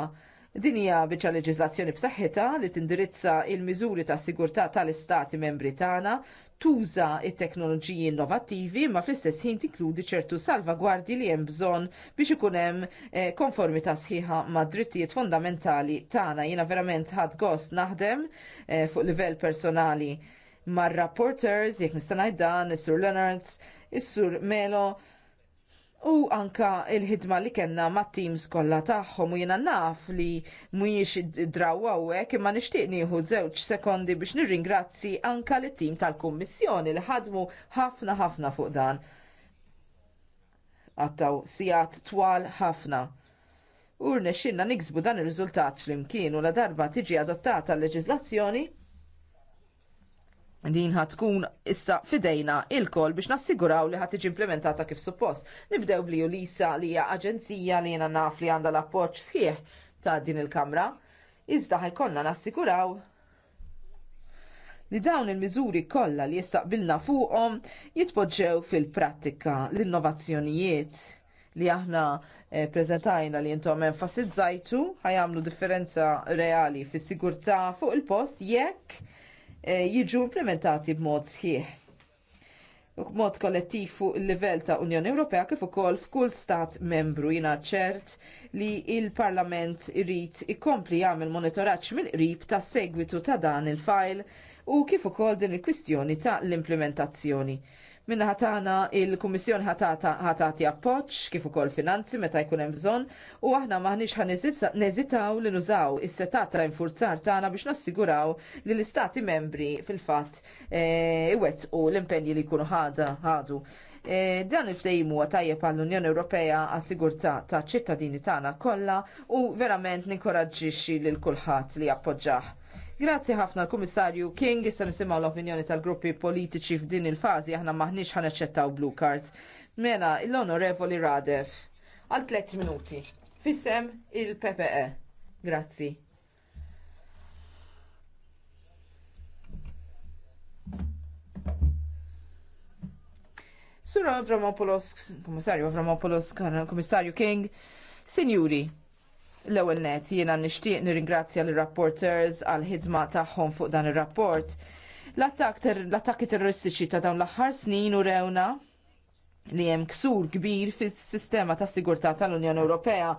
Din hija biċċa leġiżlazzjoni b'saħħitha li tindirizza il-miżuri ta' sigurtà tal-istati membri tagħna tuża it-teknoloġiji innovattivi ma fl-istess ħin tinkludi ċertu salvagwardji li hemm bżonn biex ikun hemm eh, konformità sħiħa mad drittijiet fondamentali tagħna. Jiena verament ħadd gost naħdem eh, fuq livell personali mar rapporters jekk nista' ngħid dan, is-Sur Leonards, is-Sur Melo, U anka il-ħidma li kena ma' teams kollha tagħhom u jiena naf li mhijiex drawwa hekk imma nixtieq nieħu żewġ sekondi biex nirringrazzi anka li tim tal-Kummissjoni li ħadmu ħafna ħafna fuq dan. Għattaw sigħat twal ħafna. U rnexxinna niksbu dan ir-riżultat flimkien u la darba tiġi adottata l-leġiżlazzjoni Din ħat tkun issa fidejna il-kol biex nassiguraw li ħat implementata kif suppost. Nibdew bli lisa li hija aġenzija li jena naf li għandha l-appoġġ sħiħ ta' din il-Kamra. Iżda ħajkonna nassiguraw li dawn il-miżuri kollha li jistaqbilna fuqhom jitpoġġew fil-prattika l-innovazzjonijiet li aħna eh, preżentajna li jintom enfasizzajtu ħajamlu differenza reali fis-sigurtà fuq il-post jekk Eh, jiġu implementati b'mod sħiħ u b'mod kollettiv fuq il-livell ta' Unjoni Ewropea kif ukoll f'kull stat membru jina ċert li il-Parlament irid ikompli jagħmel monitoraġġ mill-qrib tas segwitu ta' dan il-fajl u kif ukoll din il-kwistjoni ta' l-implementazzjoni. Minna ħatana il-Kummissjoni ħatati appoċ kif ukoll finanzi meta jkun hemm bżonn u aħna maħniex ħaneżitaw li nużaw is-setat ta' infurzar tagħna biex nassiguraw li l-istati membri fil-fatt eh, u l-impenji li jkunu ħadu. Eh, dan il-ftejmu għatajjeb għall-Unjoni Ewropea għas-sigurtà ta' ċittadini tagħna kollha u verament ninkoraġġixxi lil kulħadd li appoġġah. Grazzi ħafna l-Kummissarju King, issa nisimgħu l-opinjoni tal-gruppi politiċi f'din il-fażi aħna ħan eċċettaw blue cards. Mela, l-Onorevoli Radef, għal tliet minuti, fissem il-PPE. Grazzi. Sura Avramopoulos, Kummissarju Avramopoulos, Kummissarju King, Sinjuri, L-ewwel net jiena nixtieq nirringrazzja l-rapporters għal ħidma tagħhom fuq dan ir-rapport. L-attakki terroristiċi ta' dawn l-aħħar snin u rewna li hemm ksur kbir fis-sistema ta' sigurtà tal-Unjoni Ewropea.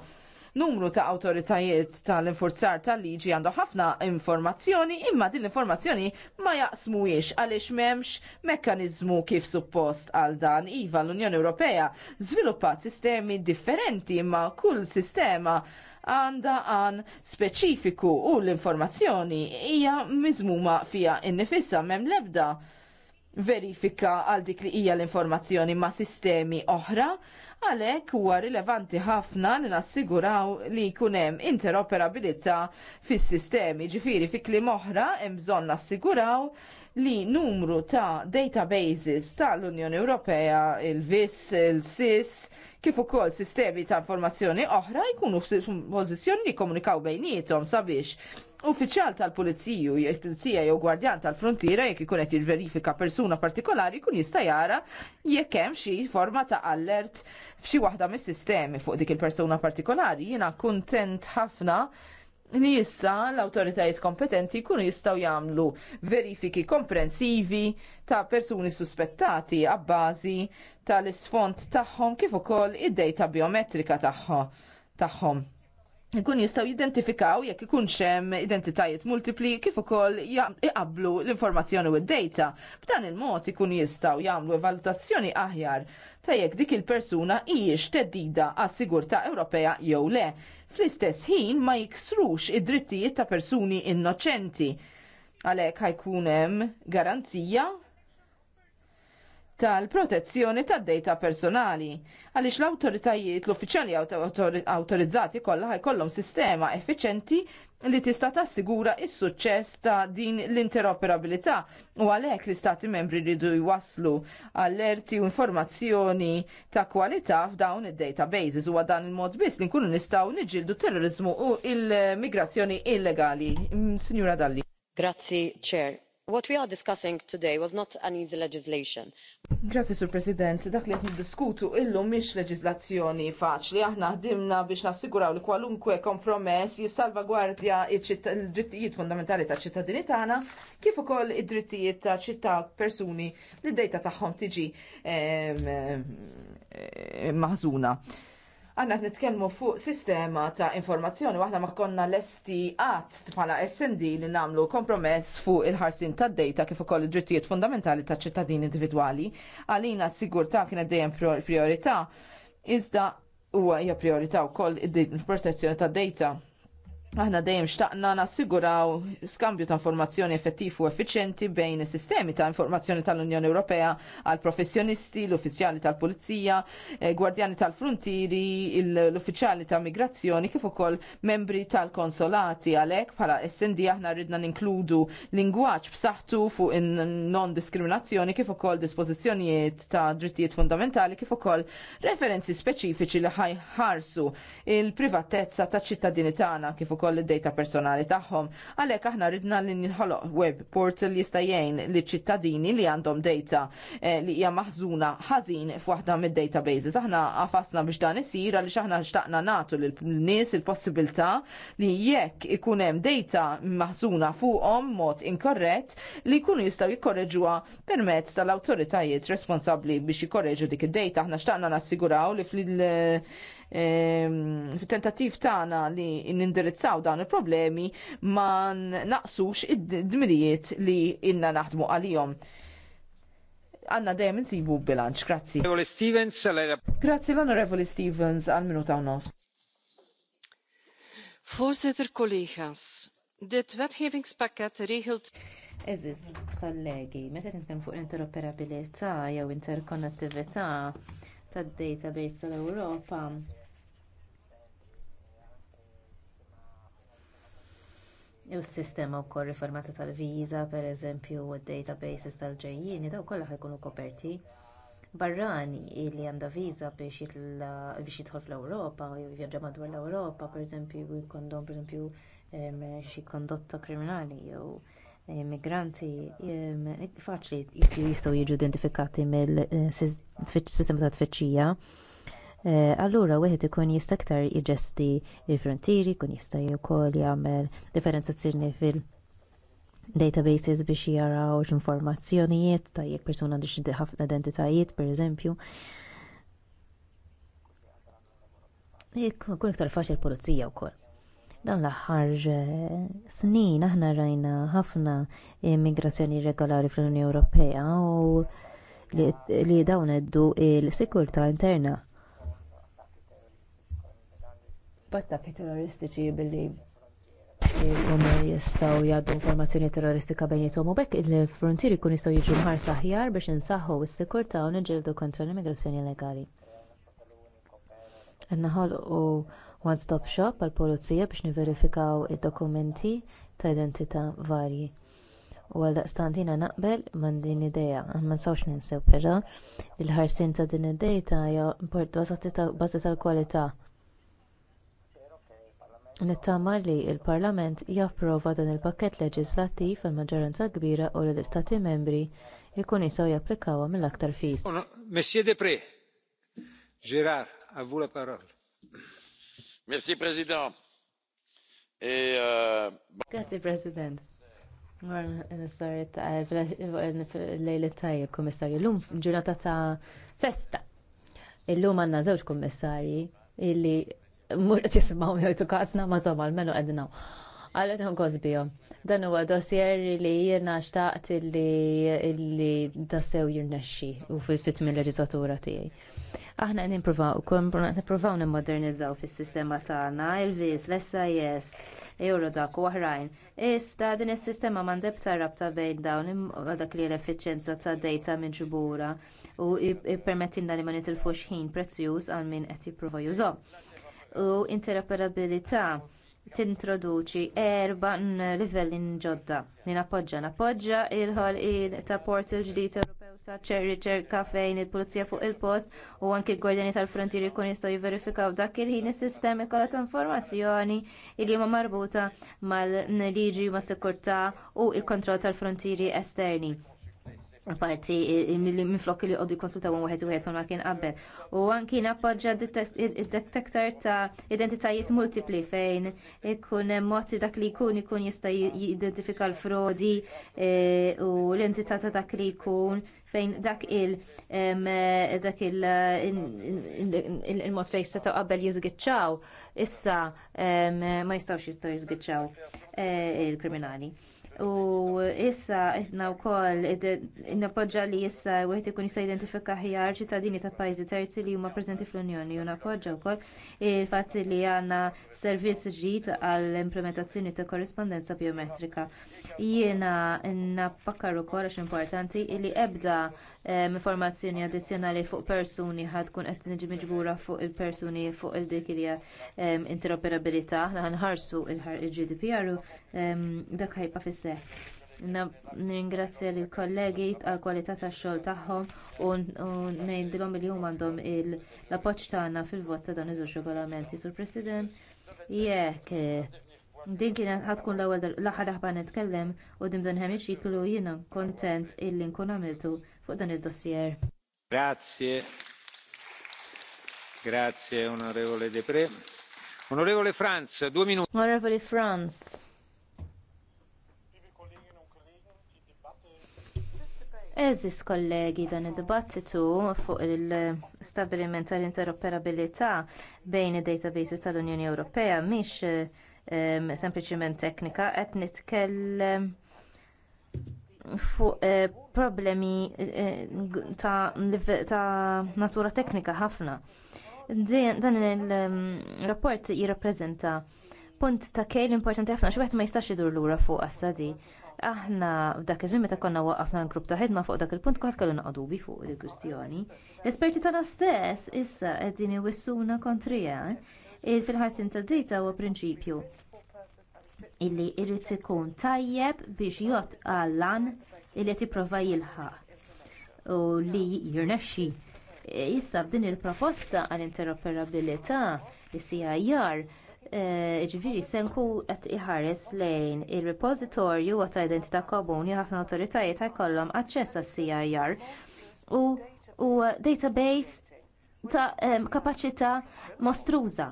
Numru ta' awtoritajiet tal-infurzar tal-liġi għandu ħafna informazzjoni imma din l-informazzjoni ma jaqsmuwiex għaliex m'hemmx mekkaniżmu kif suppost għal dan iva l-Unjoni Ewropea żviluppat sistemi differenti imma kull sistema għandha għan speċifiku u l-informazzjoni hija miżmuma fija innifissa mem l-ebda verifika għal dik li hija l-informazzjoni ma' sistemi oħra għalek huwa rilevanti ħafna li nassiguraw li jkun hemm interoperabilità fis-sistemi. Ġifieri fi kliem oħra hemm bżonn nassiguraw li numru ta' databases tal-Unjoni Ewropea, il-VIS, il-SIS, il vis il sis kif ukoll sistemi ta' informazzjoni oħra jkunu f'pożizzjoni li komunikaw bejnietom sabiex uffiċjal tal-pulizija jew pulizija jew gwardjan tal-frontiera jekk ikun qed jirverifika persuna partikolari jkun jista' jara jekk hemm xi forma ta' allert f'xi waħda mis-sistemi fuq dik il-persuna partikolari. Jiena kuntent ħafna li issa l-autoritajiet kompetenti jkunu jistgħu jagħmlu verifiki komprensivi ta' persuni suspettati għabbażi tal-isfond tagħhom kif ukoll id-data biometrika tagħhom. Ikun jistgħu jidentifikaw jekk ikun hemm identitajiet multipli kif ukoll iqablu l-informazzjoni u d dejta B'dan il-mod ikun jistgħu jagħmlu valutazzjoni aħjar ta' jekk dik il-persuna hijiex teddida għas sigurtà Ewropea jew le. Fl-istess ħin ma jiksrux id-drittijiet ta' persuni innoċenti. Għalhekk ħajkun hemm garanzija tal-protezzjoni tad-dejta personali. Għaliex l-awtoritajiet, l-uffiċjali awtorizzati kollha ħajkollhom sistema effiċenti li tista' tassigura s suċċess ta' din l-interoperabilità u għalhekk l-istati membri rridu jwaslu allerti u informazzjoni ta' kwalità f'dawn id-databases u dan il-mod biss li nkunu nistgħu niġġieldu terrorizmu u l migrazzjoni illegali. Signora Dalli. Grazzi, Chair what we are discussing today was not an easy legislation. Grazie, Sur President. Dak li qed niddiskutu illum mhix leġiżlazzjoni faċli. Aħna ħdimna biex nassiguraw li kwalunkwe kompromess jissalvagwardja id-drittijiet fundamentali ta' ċittadini tagħna kif ukoll id-drittijiet ta' ċittà persuni li d-dejta tagħhom tiġi maħżuna għanna t-nitkelmu fuq sistema ta' informazzjoni waħna ma konna l-esti għat bħala SND li namlu kompromess fuq il-ħarsin ta' data kif ukoll id-drittijiet fundamentali ta' ċittadini individwali. Għalina s-sigurta kienet dejjem priorità, iżda huwa hija priorità wkoll id-protezzjoni ta' data. Aħna dejjem xtaqna nassiguraw skambju ta' informazzjoni effettiv u effiċenti bejn is-sistemi ta' informazzjoni tal-Unjoni Ewropea għal professjonisti, l-uffiċjali tal-Pulizija, eh, gwardjani tal-Frontieri, l-uffiċjali ta' Migrazzjoni kif ukoll membri tal-konsolati għalhekk bħala SND aħna rridna ninkludu lingwaġġ b'saħħtu fuq non-diskriminazzjoni kif ukoll dispożizzjonijiet ta' drittijiet fundamentali kif ukoll referenzi speċifiċi li ħajħarsu il-privatezza taċ ċittadini tagħna kif ukoll id-data personali tagħhom. Għalhekk aħna ridna li nħoloq web portal jista' jgħin liċ-ċittadini li għandhom data eh, li hija maħżuna ħażin f'waħda mid-databases. Aħna qafasna biex dan isir għaliex aħna xtaqna nagħtu lin-nies il-possibilità li jekk ikun hemm data maħżuna fuqhom mod inkorrett li jkunu jistgħu jikkorreġuha permezz tal-awtoritajiet responsabbli biex jikkorreġu dik id-data. Aħna xtaqna nassiguraw li fil- Ehm, fit tentativ tagħna li nindirizzaw dawn il-problemi ma naqsux id-dmirijiet li inna naħdmu għalihom. Għanna dejjem insibu bilanċ, grazzi. Grazzi l-Onorevoli Stevens għal minuta u nofs. Voorzitter, kollegas, dit wetgevingspakket regelt. Eżiz, kollegi, meta tinkem fuq interoperabilità jew interkonnettività tad-database tal-Ewropa, u s-sistema wkoll riformata tal-viża, pereżempju d-databases tal-ġejjieni, daw kollha ħajkunu koperti. Barrani li għandha viża biex jidħol fl-Ewropa, jivvjaġġa madwar l-Ewropa, pereżempju jkollhom pereżempju xi kondotta kriminali jew immigranti faċli jistgħu jiġu identifikati mill-sistema ta' tfittxija Eh, allura wieħed ikun jista' aktar jiġesti l-frontieri, jkun jista' wkoll jagħmel differenzazzjoni fil- databases biex jaraw informazzjonijiet ta' jekk persuna għandix ħafna identitajiet, pereżempju. Kun iktar faċil pulizija wkoll. Dan l-aħħar eh, snin aħna rajna ħafna immigrazzjoni regolari fl-Unjoni Ewropea u li dawn eddu l-sikurtà interna b'attakki terroristiċi billi huma jistgħu jaddu informazzjoni terroristika bejn jitom u bekk il-frontieri jkun jistgħu jiġu mħar saħjar biex insaħħu s-sikurtà u nġildu kontra l-immigrazzjoni legali. Qed naħolqu one-stop shop għall pulizija biex niverifikaw id-dokumenti ta' identità varji. U għaldaqstant stantina naqbel man din idea, ma sawx ninsew però il ħarsien ta' din id-dejta hija bażata tal-kwalità. Nittama li l parlament japprova dan il-pakkett leġislattiv għal maġġoranza kbira u li l-Istati membri jkun jistgħu japplikawha mill-aktar fis. Monsieur Depré, Gérard, à vous la parole. Merci President. Euh, Grazie President. Lejli tajjeb, komissarju. Lum ġurnata ta' festa. Illum għandna żewġ kummissarji illi mur tismaw jgħidu kasna ma l menu għedna. Għallet nħonkos bijom. Dan huwa dossier li jena xtaqt li dassew jirnexxi u fit mill-leġislatura tiegħi. Aħna nippruvaw, nippruvaw nimmodernizzaw fis-sistema tagħna, il-vis, l-SIS, Eurodoc u oħrajn. Issa din is-sistema m'għandeb tarab ta' bejn dawn dak li l-effiċenza ta' data minn ġbura u ippermettilna li ma nitilfux ħin prezzjuż għal min qed jipprova jużom u interoperabilità tintroduċi erba livelli ġodda li nappoġġa. Nappoġġa il-ħolqien ta' il ġdid Ewropew ta' riċerka fejn il-Pulizija fuq il-post u anki l-Gwardjani tal-Frontieri kun jistgħu jiverifikaw dak il-ħin is-sistemi kollha ta' informazzjoni li huma marbuta mal-liġi ma' sikurtà u l kontroll tal-frontieri esterni. Parti minflok li għoddu konsultaw għu għed u għed ma kien qabel. U anki nappoġġa detektor ta' identitajiet multipli fejn ikun moti dak li jkun ikun jista' jidentifika l-frodi e, u l-entità ta' dak li jkun fejn dak il e, dak il-mod fejn jista' qabel jizgitċaw issa ma jistawx jistgħu jizgitċaw e, il-kriminali. U issa etna u koll, nappoġġa li issa u għet ikun jista' identifika ħjar ċittadini ta' pajzi terzi li huma preżenti fl-Unjoni u nappoġġa wkoll il-fatt li għandna servizz ġit għall-implementazzjoni ta' korrispondenza biometrika. Jiena nafakkar ukoll għax importanti li ebda informazzjoni addizzjonali fuq persuni ħad tkun qed niġi miġbura fuq il-persuni fuq il-dik li interoperabilità aħna nħarsu il-GDPR u dak ħajpa fis-seħ. Ningrazzja lill kollegi għal kwalità tax-xogħol tagħhom u ngħidilhom li huma għandhom l-appoġġ tagħna fil-vot ta' dan iż-żewġ regolamenti. Sur President, jekk Din kienet ħatkun l-ewwel l-aħħar aħbar nitkellem u dimdan dan ħemmiġ jiena kontent illi nkun għamiltu fuq dan id-dossier. Grazie. Grazie onorevole Depre. Onorevole Franz, due minuti. Onorevole Franz. Eżis kollegi dan id-dibattitu fuq il-stabiliment tal-interoperabilità bejn id-databases tal-Unjoni Ewropea mhix sempliciment teknika, qed nitkellem fuq eh, problemi eh, ta' natura teknika ħafna. Dan il-rapport jirrappreżenta punt ta' kejl importanti ħafna xi ma jistax l lura fuq di. aħna b'dak iż-żmien meta konna waqafna grupp ta' ħidma fuq dak il-punt kwaħt kellu naqdu bi fuq il-kwistjoni. L-esperti tagħna stess issa qegħdin iwissuna kontrija eh? il fil-ħarsin tad data huwa prinċipju illi jrid ikun tajjeb biex jott għallan illi tipprova jilħaq u li jirnexxi. Issa b'din il-proposta għal interoperabilità il cir eh, ġifiri senku qed iħares lejn ir-repożitorju għat identità komuni ħafna għaj jkollhom aċċess għal cir u, database ta' kapaċità mostruża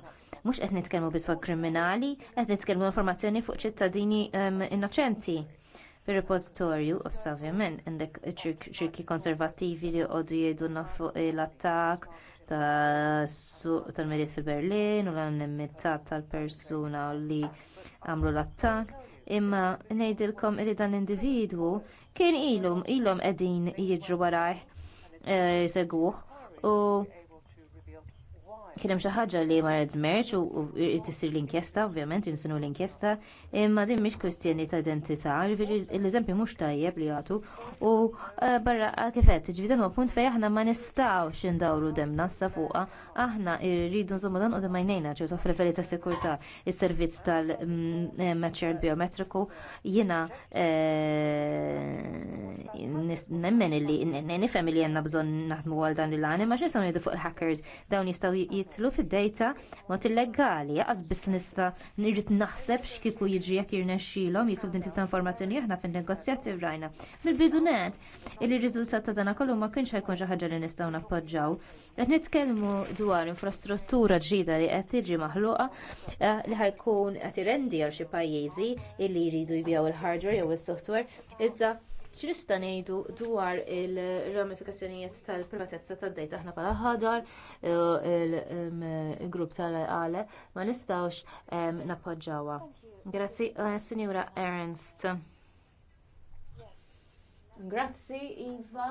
Mhux qed nitkellmu biss kriminali, qed nitkellmu informazzjoni fuq ċittadini innoċenti. fir repozitorju ovvjament għandek ċirki konservattivi li għoddu jgħidu fuq l-attakk tal-mediet fil-Berlin u l-annemità tal-persuna li għamlu l-attakk imma ngħidilkom li dan l-individwu kien ilum ilhom qegħdin jiġru għaraj eh, segwuh u kien hemm xi ħaġa li ma żmerġ u tissir l-inkjesta, ovvjament, jinsinu l-inkjesta, imma din mhix kwestjoni ta' identità, jiġifieri l-eżempju mhux tajjeb li jagħtu u eh, barra ah, kif qed jiġifieri dan punt fejn aħna ma nistgħux indawru demna nassa fuqha, aħna rridu nżommu dan jnejna ġew ċertu f'livelli ta' sikurtà is-servizz tal meċer mm, biometriku jiena eh, nemmen li nifhem li għandna bżonn naħdmu għal dan il-għani ma x'insaw fuq il-hackers dawn jistgħu jitlu fid-dejta mod illegali, għaz biss nista nirrit naħseb x'kieku jiġri jekk jirnexxilhom jitlu din tip ta' informazzjoni aħna fin-negozjati rajna. Mill-bidu net, il-riżultat ta' dana kollu ma kienx ħajkun xi ħaġa li nistgħu nappoġġaw. Qed nitkellmu dwar infrastruttura ġdida li qed tiġi maħluqa eh, li ħajkun qed irendi għal xi pajjiżi illi jridu jbjaw il-hardware jew is-software iżda ċrista ngħidu dwar il-ramifikazzjonijiet tal-privatezza tad-dejta aħna bħala ħadar eh, il-grupp tal-għale ma nistgħux nappoġġawha. Grazzi, eh, Sinjura Ernst. Grazzi, Iva.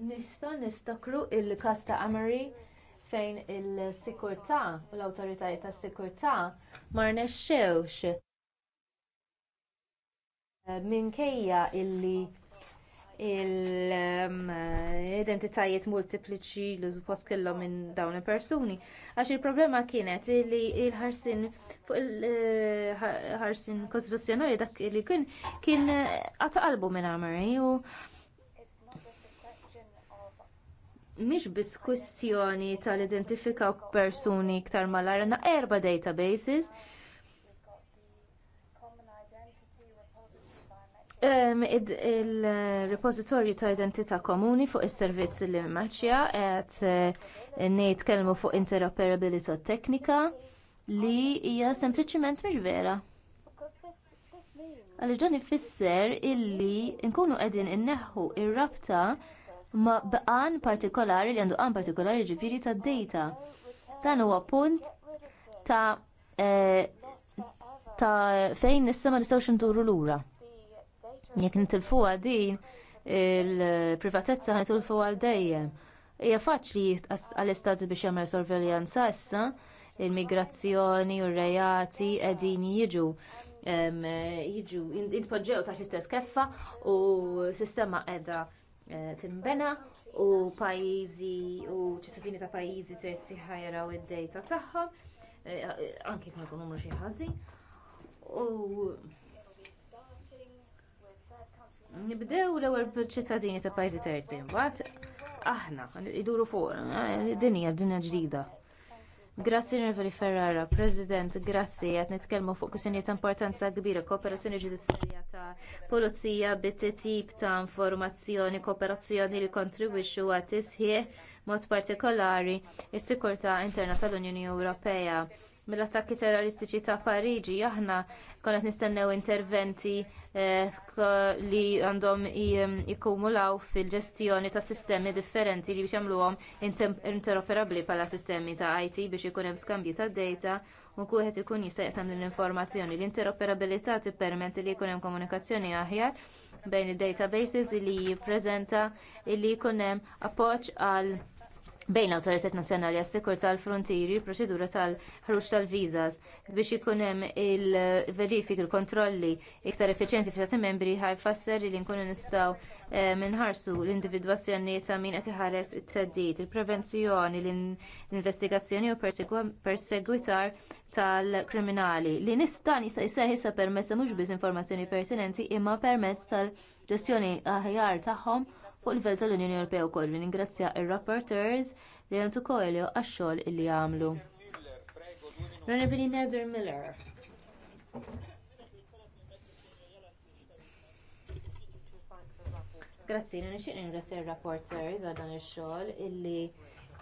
Nista' niftakru il kasta ta' Amory fejn il-sikurtà u l-awtoritajiet tas-sikurtà ma rnexxewx eh, minkejja illi l-identitajiet multipliċi li suppost kellhom minn dawn il-persuni. Għax il-problema kienet li il-ħarsin fuq il-ħarsin kostituzzjonali dak li kien kien qalbu minn għamari u mhix biss kwistjoni tal-identifikaw persuni ktar mal-arna erba databases Il-repozitorju ta' identità komuni fuq is-servizz li maċċja qed eh, kelmu fuq interoperabilità teknika li hija sempliciment mhix vera. Għaliex dan ifisser illi nkunu qegħdin inneħħu ir rabta ma' bqan partikolari li għandu qan partikolari ġifieri tad-dejta. Dan huwa punt ta' eh, ta' fejn issa ma nistawx nduru lura. Jekk nitilfuha din, il-privatezza ħajtulfu għal dejjem. Hija faċli għal istat biex jagħmel sorveljanza essa, il-migrazzjoni u r-rejati qegħdin jiġu jiġu jitpoġġew ta' l-istess keffa u sistema qiegħda eh, timbena u pajjiżi u ċittadini ta' pajjiżi terzi ħajraw id-dejta tagħhom eh, anke kun ikun numru xi ħażin. Nibdew l-ewwel ċittadini ta' pajjiżi terzi, mbagħad aħna iduru fuq eh, dinja dinja ġdida. Grazzi Nirveli Ferrara, President, grazzi qed nitkellmu fuq kusinjiet importanza kbira, kooperazzjoni ġudizzjarja ta' pulizija bit-tip ta' informazzjoni, kooperazzjoni li kontribwixxu għat tisħieħ mod partikolari is-sikurtà interna tal-Unjoni Ewropea mill-attakki terroristiċi ta' Pariġi aħna konet nistennew interventi eh, li għandhom jikkumulaw fil-ġestjoni ta' sistemi differenti li biex jagħmluhom interoperabbli bħala sistemi ta' IT biex ikun hemm skambju ta' data u kuħet ikun jista' jaqsam din l-informazzjoni. L-interoperabilità tippermetti li jkun hemm komunikazzjoni aħjar bejn id-databases li jippreżenta li jkun hemm appoġġ għal bejn l-Awtoritet Nazzjonali għas-Sikurtà tal-Frontieri proċedura tal-ħruġ tal-viżas biex ikun hemm il-verifik il-kontrolli iktar effiċjenti f'stati membri ħajfasser li nkunu nistgħu eh, minħarsu l-individwazzjoni ta' min qed iħares it-teddid, il-prevenzjoni, l-investigazzjoni u persegwitar tal-kriminali li nista' jista' jsir issa permezz mhux biss informazzjoni pertinenti imma permezz tal-ġestjoni aħjar tagħhom fuq il-vel tal-Unjoni Ewropea wkoll li ningrazzja ir-rapporteurs li għandu ukoll għax-xogħol li għamlu. Ronivini Neder Miller. Grazzi, ningrazzja ir-rapporteurs dan ix-xogħol illi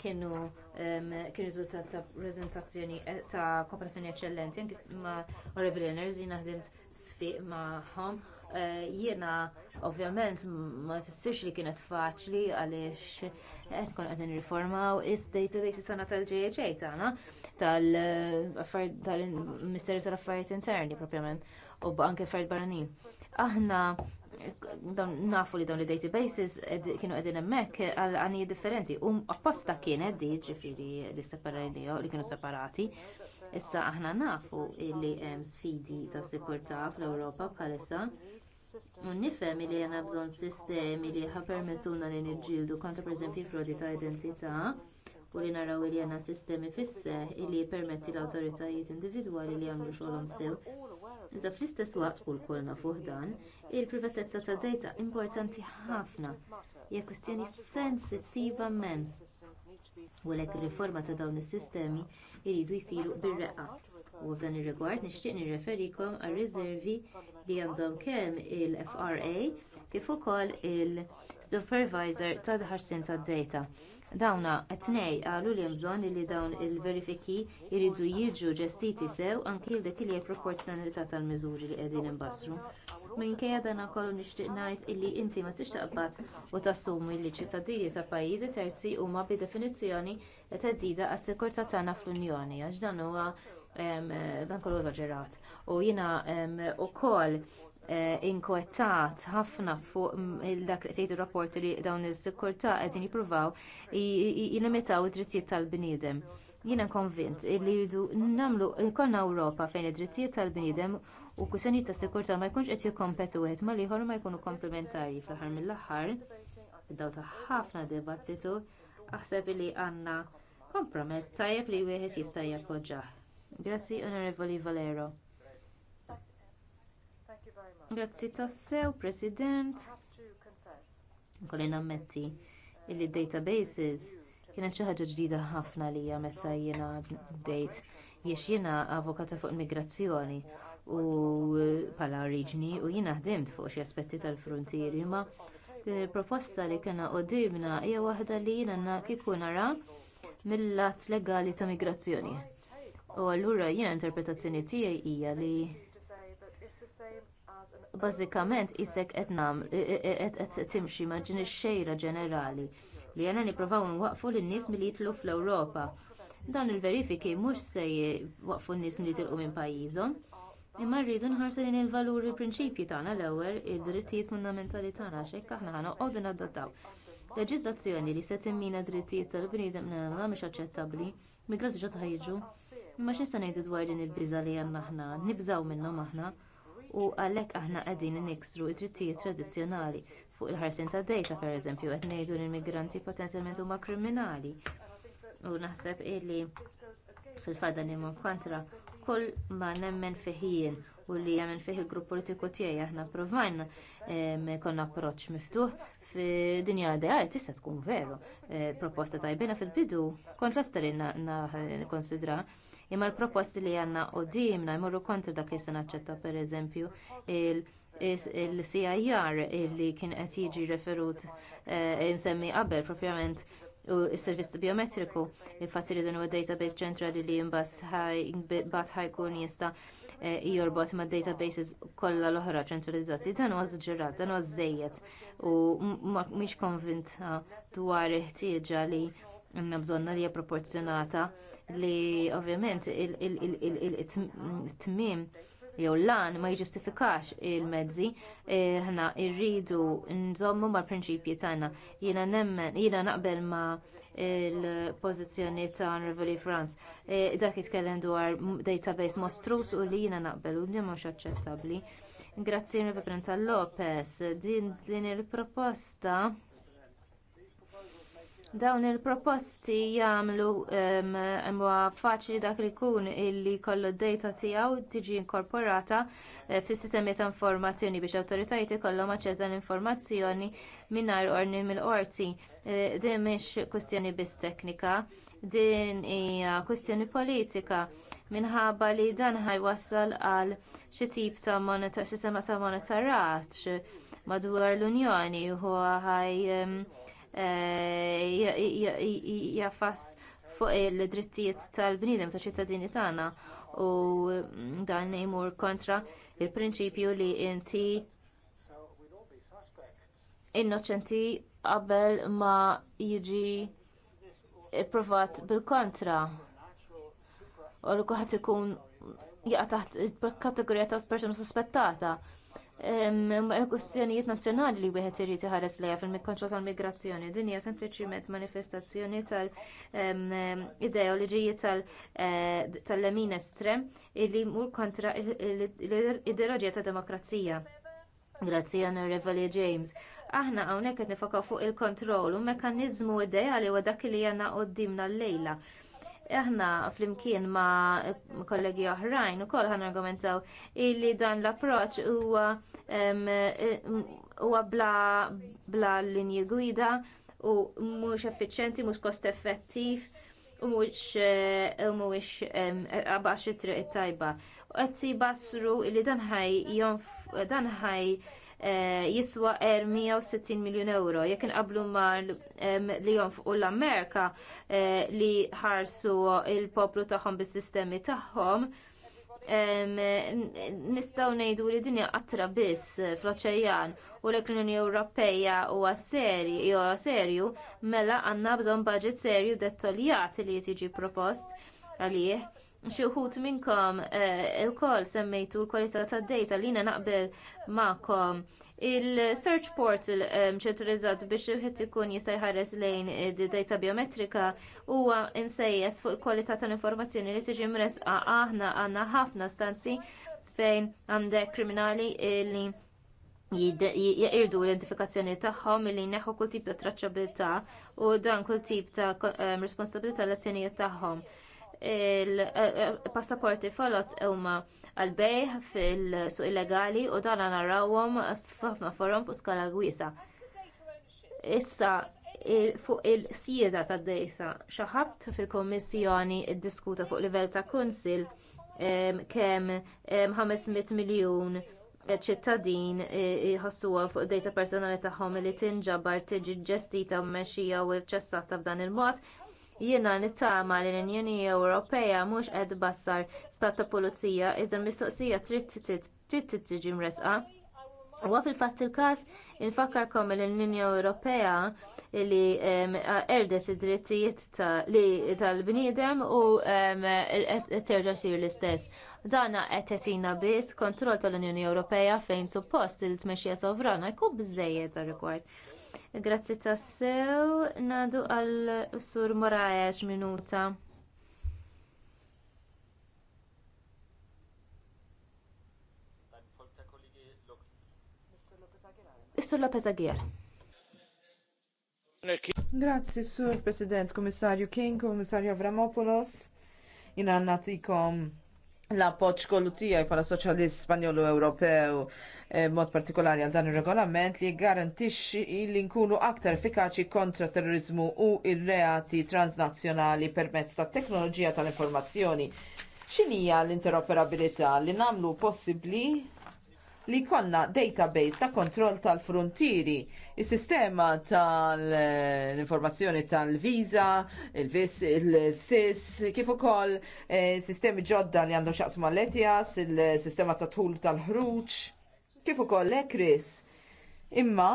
kienu kien riżultat ta' prezentazzjoni ta' kooperazzjoni eċċellenti anke ma' Orevil li naħdem sfiq magħhom Eh, jiena ovvjament ma jfissirx li kienet faċli għaliex qed kon qed nirriformaw is-database tagħna tal-JHA tagħna eh, tal-Ministeru tal-Affarijiet Interni propjament u anke affarijiet barranin. Aħna nafu li dawn il-databases kienu qegħdin hemmhekk għal għanijiet differenti. U apposta kienet di ġifieri li separati li kienu separati. Issa aħna nafu li hemm sfidi ta' sikurta fl-Ewropa bħalissa U nifhem li għandna bżonn sistemi li ħapermettulna li niġġieldu kontra pereżempju frodi ta' identità u li naraw li għandna sistemi fis-seħħ li jippermetti l-awtoritajiet individwali li jagħmlu xogħolhom sew. Iżda fl-istess waqt u l-kolna fuq dan, il-privatezza tad dejta importanti ħafna hija kwestjoni sensittiva mens. U l riforma ta' dawn is-sistemi jridu jsiru bir-reqqa U f'dan ir-rigward nixtieq nirreferikom għar riservi li għandhom kemm il-FRA kif ukoll il-Supervisor tal ħarsien tad-data. Dawna t-tnejn qalu li hemm bżonn li dawn il-verifiki jridu jiġu ġestiti sew anki l dik li proporzjonalità tal-miżuri li qegħdin imbassru. Minkejja dan kollu nixtieq ngħid illi inti ma tix taqbad u tassumi li ċittadini ta' pajjiżi terzi huma bi definizzjoni teddida għas-sikurtà tagħna fl-Unjoni għax dan huwa Eh, dan kollu eżaġerat. U jiena wkoll eh, inkwetat ħafna fuq mm, il-dak li tgħidu rapport li dawn is-sikurtà qegħdin jippruvaw jilimitaw id-drittijiet tal-bniedem. Jiena konvint li jridu nagħmlu ikollna Ewropa fejn id-drittijiet tal-bniedem u kwistjonijiet ta' sikurtà ma jkunx qed jikkompetu wieħed ma liħor ma jkunu komplementari fl-aħħar mill-aħħar daw ta' ħafna dibattitu aħseb li għandna kompromess tajjeb li wieħed jista' jappoġġjah Grazzi, Onorevoli Valero. Grazzi tassew, President. Kolli nammetti illi databases kienet xi ħaġa ġdida ħafna lija meta jiena bdejt jiex jiena avokata fuq immigrazzjoni u bħala oriġni u jiena ħdimt fuq xi aspetti tal-frontieri ma il-proposta eh, li kena qudimna hija waħda li jiena kieku nara mill-lat legali ta' migrazzjoni U allura jiena interpretazzjoni tiegħi hija li bażikament isek qed e- e- e- qed timxi ma' ġin xejra ġenerali li għana niprofaw nwaqfu lin-nies milli jitlu fl-Ewropa. Dan il-verifiki mhux se waqfu n-nies milli jitilqu minn pajjiżhom, imma rridu nħarsu lin il-valuri prinċipji tagħna l-ewwel id-drittijiet fundamentali tagħna x'hekk aħna ħana qogħdu nadattaw. Leġiżlazzjoni li se timmina drittijiet tal-bniedem nagħmel mhix aċċettabbli, migrati ġo ħajġu Imma x'nista' ngħidu dwar din il-biża li għandna aħna, nibżaw minnhom aħna u għalhekk aħna qegħdin niksru t-trittijiet tradizzjonali fuq il-ħarsien tad-dejta pereżempju qed ngħidu li l-immigranti potenzjalment huma kriminali. U naħseb illi fil-fadda nimon kontra kull ma nemmen fiħin u li jemmen fiħ il-grupp politiku tiegħi aħna provajna konna approċċ miftuħ fi dinja ideali tista' tkun veru. Eh, proposta tajbina fil-bidu kont l-ester konsidra Imma l-proposti li għandna dimna jmorru kontu dak li se naċċetta pereżempju il-CIR li kien qed jiġi referut eh, insemmi qabel propjament u s-servizz biometriku il fatti li dan database ċentrali li mbagħad ħajkun jista' eh, jorbot mad databases kollha l-oħra ċentralizzati. Dan huwa żġirat, dan huwa żejjed u mhix konvinta dwar il-ħtieġa li għandna bżonna li hija proporzjonata li ovvjament il-tmim jew lan ma jġustifikax il-mezzi, eh, ħna irridu nżommu mal-prinċipji tagħna. Jiena nemmen, jiena naqbel ma il-pożizzjoni ta' Revoli France. Eh, dak jitkellem dwar database mostrus u li jiena naqbel u li mhux aċċettabbli. Grazzi Reverend Lopez, din il-proposta Dawn il-proposti jagħmlu imwa faċli dak li jkun illi kollu d-dejta tiegħu tiġi inkorporata eh, fis-sistemi ta' informazzjoni biex l-awtoritajiet ikollhom l-informazzjoni mingħajr orni mill-qorti. Eh, din mhix kwistjoni biss teknika, din hija kwistjoni politika minħabba li dan ħajwassal għal xi tip ta' sistema ta' monitoraġġ madwar l-Unjoni huwa ħaj Eh, jaffas fuq il-drittijiet tal-bniedem ta' ċittadini tagħna u mm, dan imur kontra il-prinċipju li inti innoċenti qabel ma jiġi provat bil-kontra. U l ikun jaqa taħt il-kategorija ta' persuna suspettata kwistjonijiet nazzjonali li wieħed irid iħares lejha fil kontrol tal-migrazzjoni. Din hija sempliċiment manifestazzjoni tal-ideoloġiji eh, tal-lemin estrem li mur kontra l-ideoloġija ta' demokrazija. Grazzi għan Revali James. Aħna hawnhekk qed nifakaw fuq il kontrol u mekkaniżmu ideali u dak li għanna għoddimna l-lejla aħna flimkien ma kollegi oħrajn ukoll ħan argumentaw illi dan l-approċ huwa huwa bla bla linji gwida u mhux effiċjenti, mhux kost effettiv u mhux eh, mhuwiex qabax it-triq it-tajba. Qed basru illi dan ħaj dan ħaj Eh, jiswa 160 miljon euro. Jekk nqablu ma li fuq l-Amerika eh, li ħarsu il-poplu tagħhom bis-sistemi tagħhom, nistaw nejdu li dinja qatra biss fl-oċejan u l-Unjoni Ewropeja u serju mela għanna bżon budget serju dettoljat li jtiġi propost għalih xi wħud minnkom ukoll eh, semmejtu l-kwalità tad-data li jiena naqbel magħkom. Il-search portal eh, ċentralizzat biex wieħed ikun jisajħares lejn eh, id-data biometrika huwa msejjes fuq il-kwalità tal-informazzjoni li tiġi mresqa aħna għandna ħafna stanzi fejn għandek kriminali li jirdu l-identifikazzjoni tagħhom milli neħu kull tip ta' traċċabilità u dan kull tip ta' responsabilità l-azzjonijiet tagħhom il-passaporti eh, eh, falot huma għal fil-suq illegali u dan narawhom f'ħafna forum fuq skala gwisa. Issa fuq il-sieda tad dejsa xaħabt fil-Kommissjoni id-diskuta fuq livell ta' Kunsill kemm 500 miljun ċittadin jħassuha eh, fuq dejta personali tagħhom li tinġabar tiġi ġestita mmexxija u ċessata f'dan il-mod Jiena nittama li l-Unjoni Ewropea mhux qed bassar stat ta' pulizija iżda l-mistoqsija trid tiġi mresqa. Huwa fil-fatt il-każ infakkarkom l-Unjoni Ewropea li erdet id-drittijiet tal-bniedem u terġa' sir l-istess. Dana qed tetina biss kontroll tal-Unjoni Ewropea fejn suppost il-tmexxija sovrana jkun biżżejjed għar-rigward. Grazzi tassew, ngħadu għal sur Moraes minuta. Is-sur Lopez Aguiar. Grazzi, sur President, Komissarju King, Komissarju Avramopoulos. Jina natikom l-appoċ kollu tijaj pala soċjalist Spanjolu Ewropew eh, mod partikolari għal dan il-regolament li garantixxi li nkunu aktar effikaċi kontra terrorizmu u il-reati transnazzjonali permezz ta' teknoloġija tal-informazzjoni. X'inhija l-interoperabilità li namlu possibbli li jkollna database ta' kontroll tal-frontieri, is-sistema tal-informazzjoni tal-viza, il-vis, il-sis, kif ukoll eh, sistemi ġodda li għandhom xaqsma mal etjas il-sistema ta' tul tal-ħruġ, kif ukoll l-ekris. Eh, Imma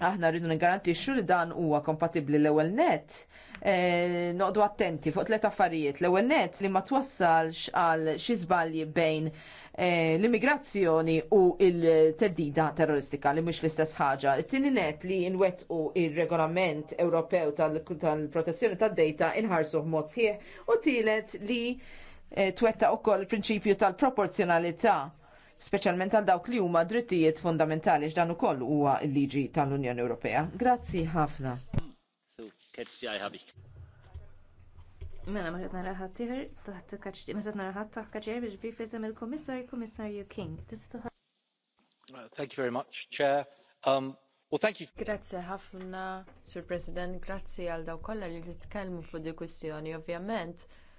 Aħna rridu nigarantixxu li dan huwa kompatibbli l-ewwel net. E, Noqdu attenti fuq tliet affarijiet. L-ewwel net li ma twassalx għal xi żbalji bejn E, l-immigrazzjoni u il-teddida terroristika li mhux l-istess ħaġa. It-tieni net li nwettqu ir-regolament Ewropew tal-protezzjoni tal tad-dejta inħarsuh mod sħiħ u tielet li e, twetta ukoll il-prinċipju tal-proporzjonalità speċjalment għal dawk li huma drittijiet fundamentali x'dan ukoll huwa l-liġi tal-Unjoni Ewropea. Grazzi ħafna. Mela ma qed nara ħadd tieħer taħt kaċċi ma qed nara ħadd taħt kaċċi biex bi fisem il-Kummissarju Kummissarju King. Uh, thank you very much, Chair. Um, Well, thank you. Grazie ħafna, Sir President, grazie għal daw kollha li titkellmu fuq di kwistjoni. Ovvjament,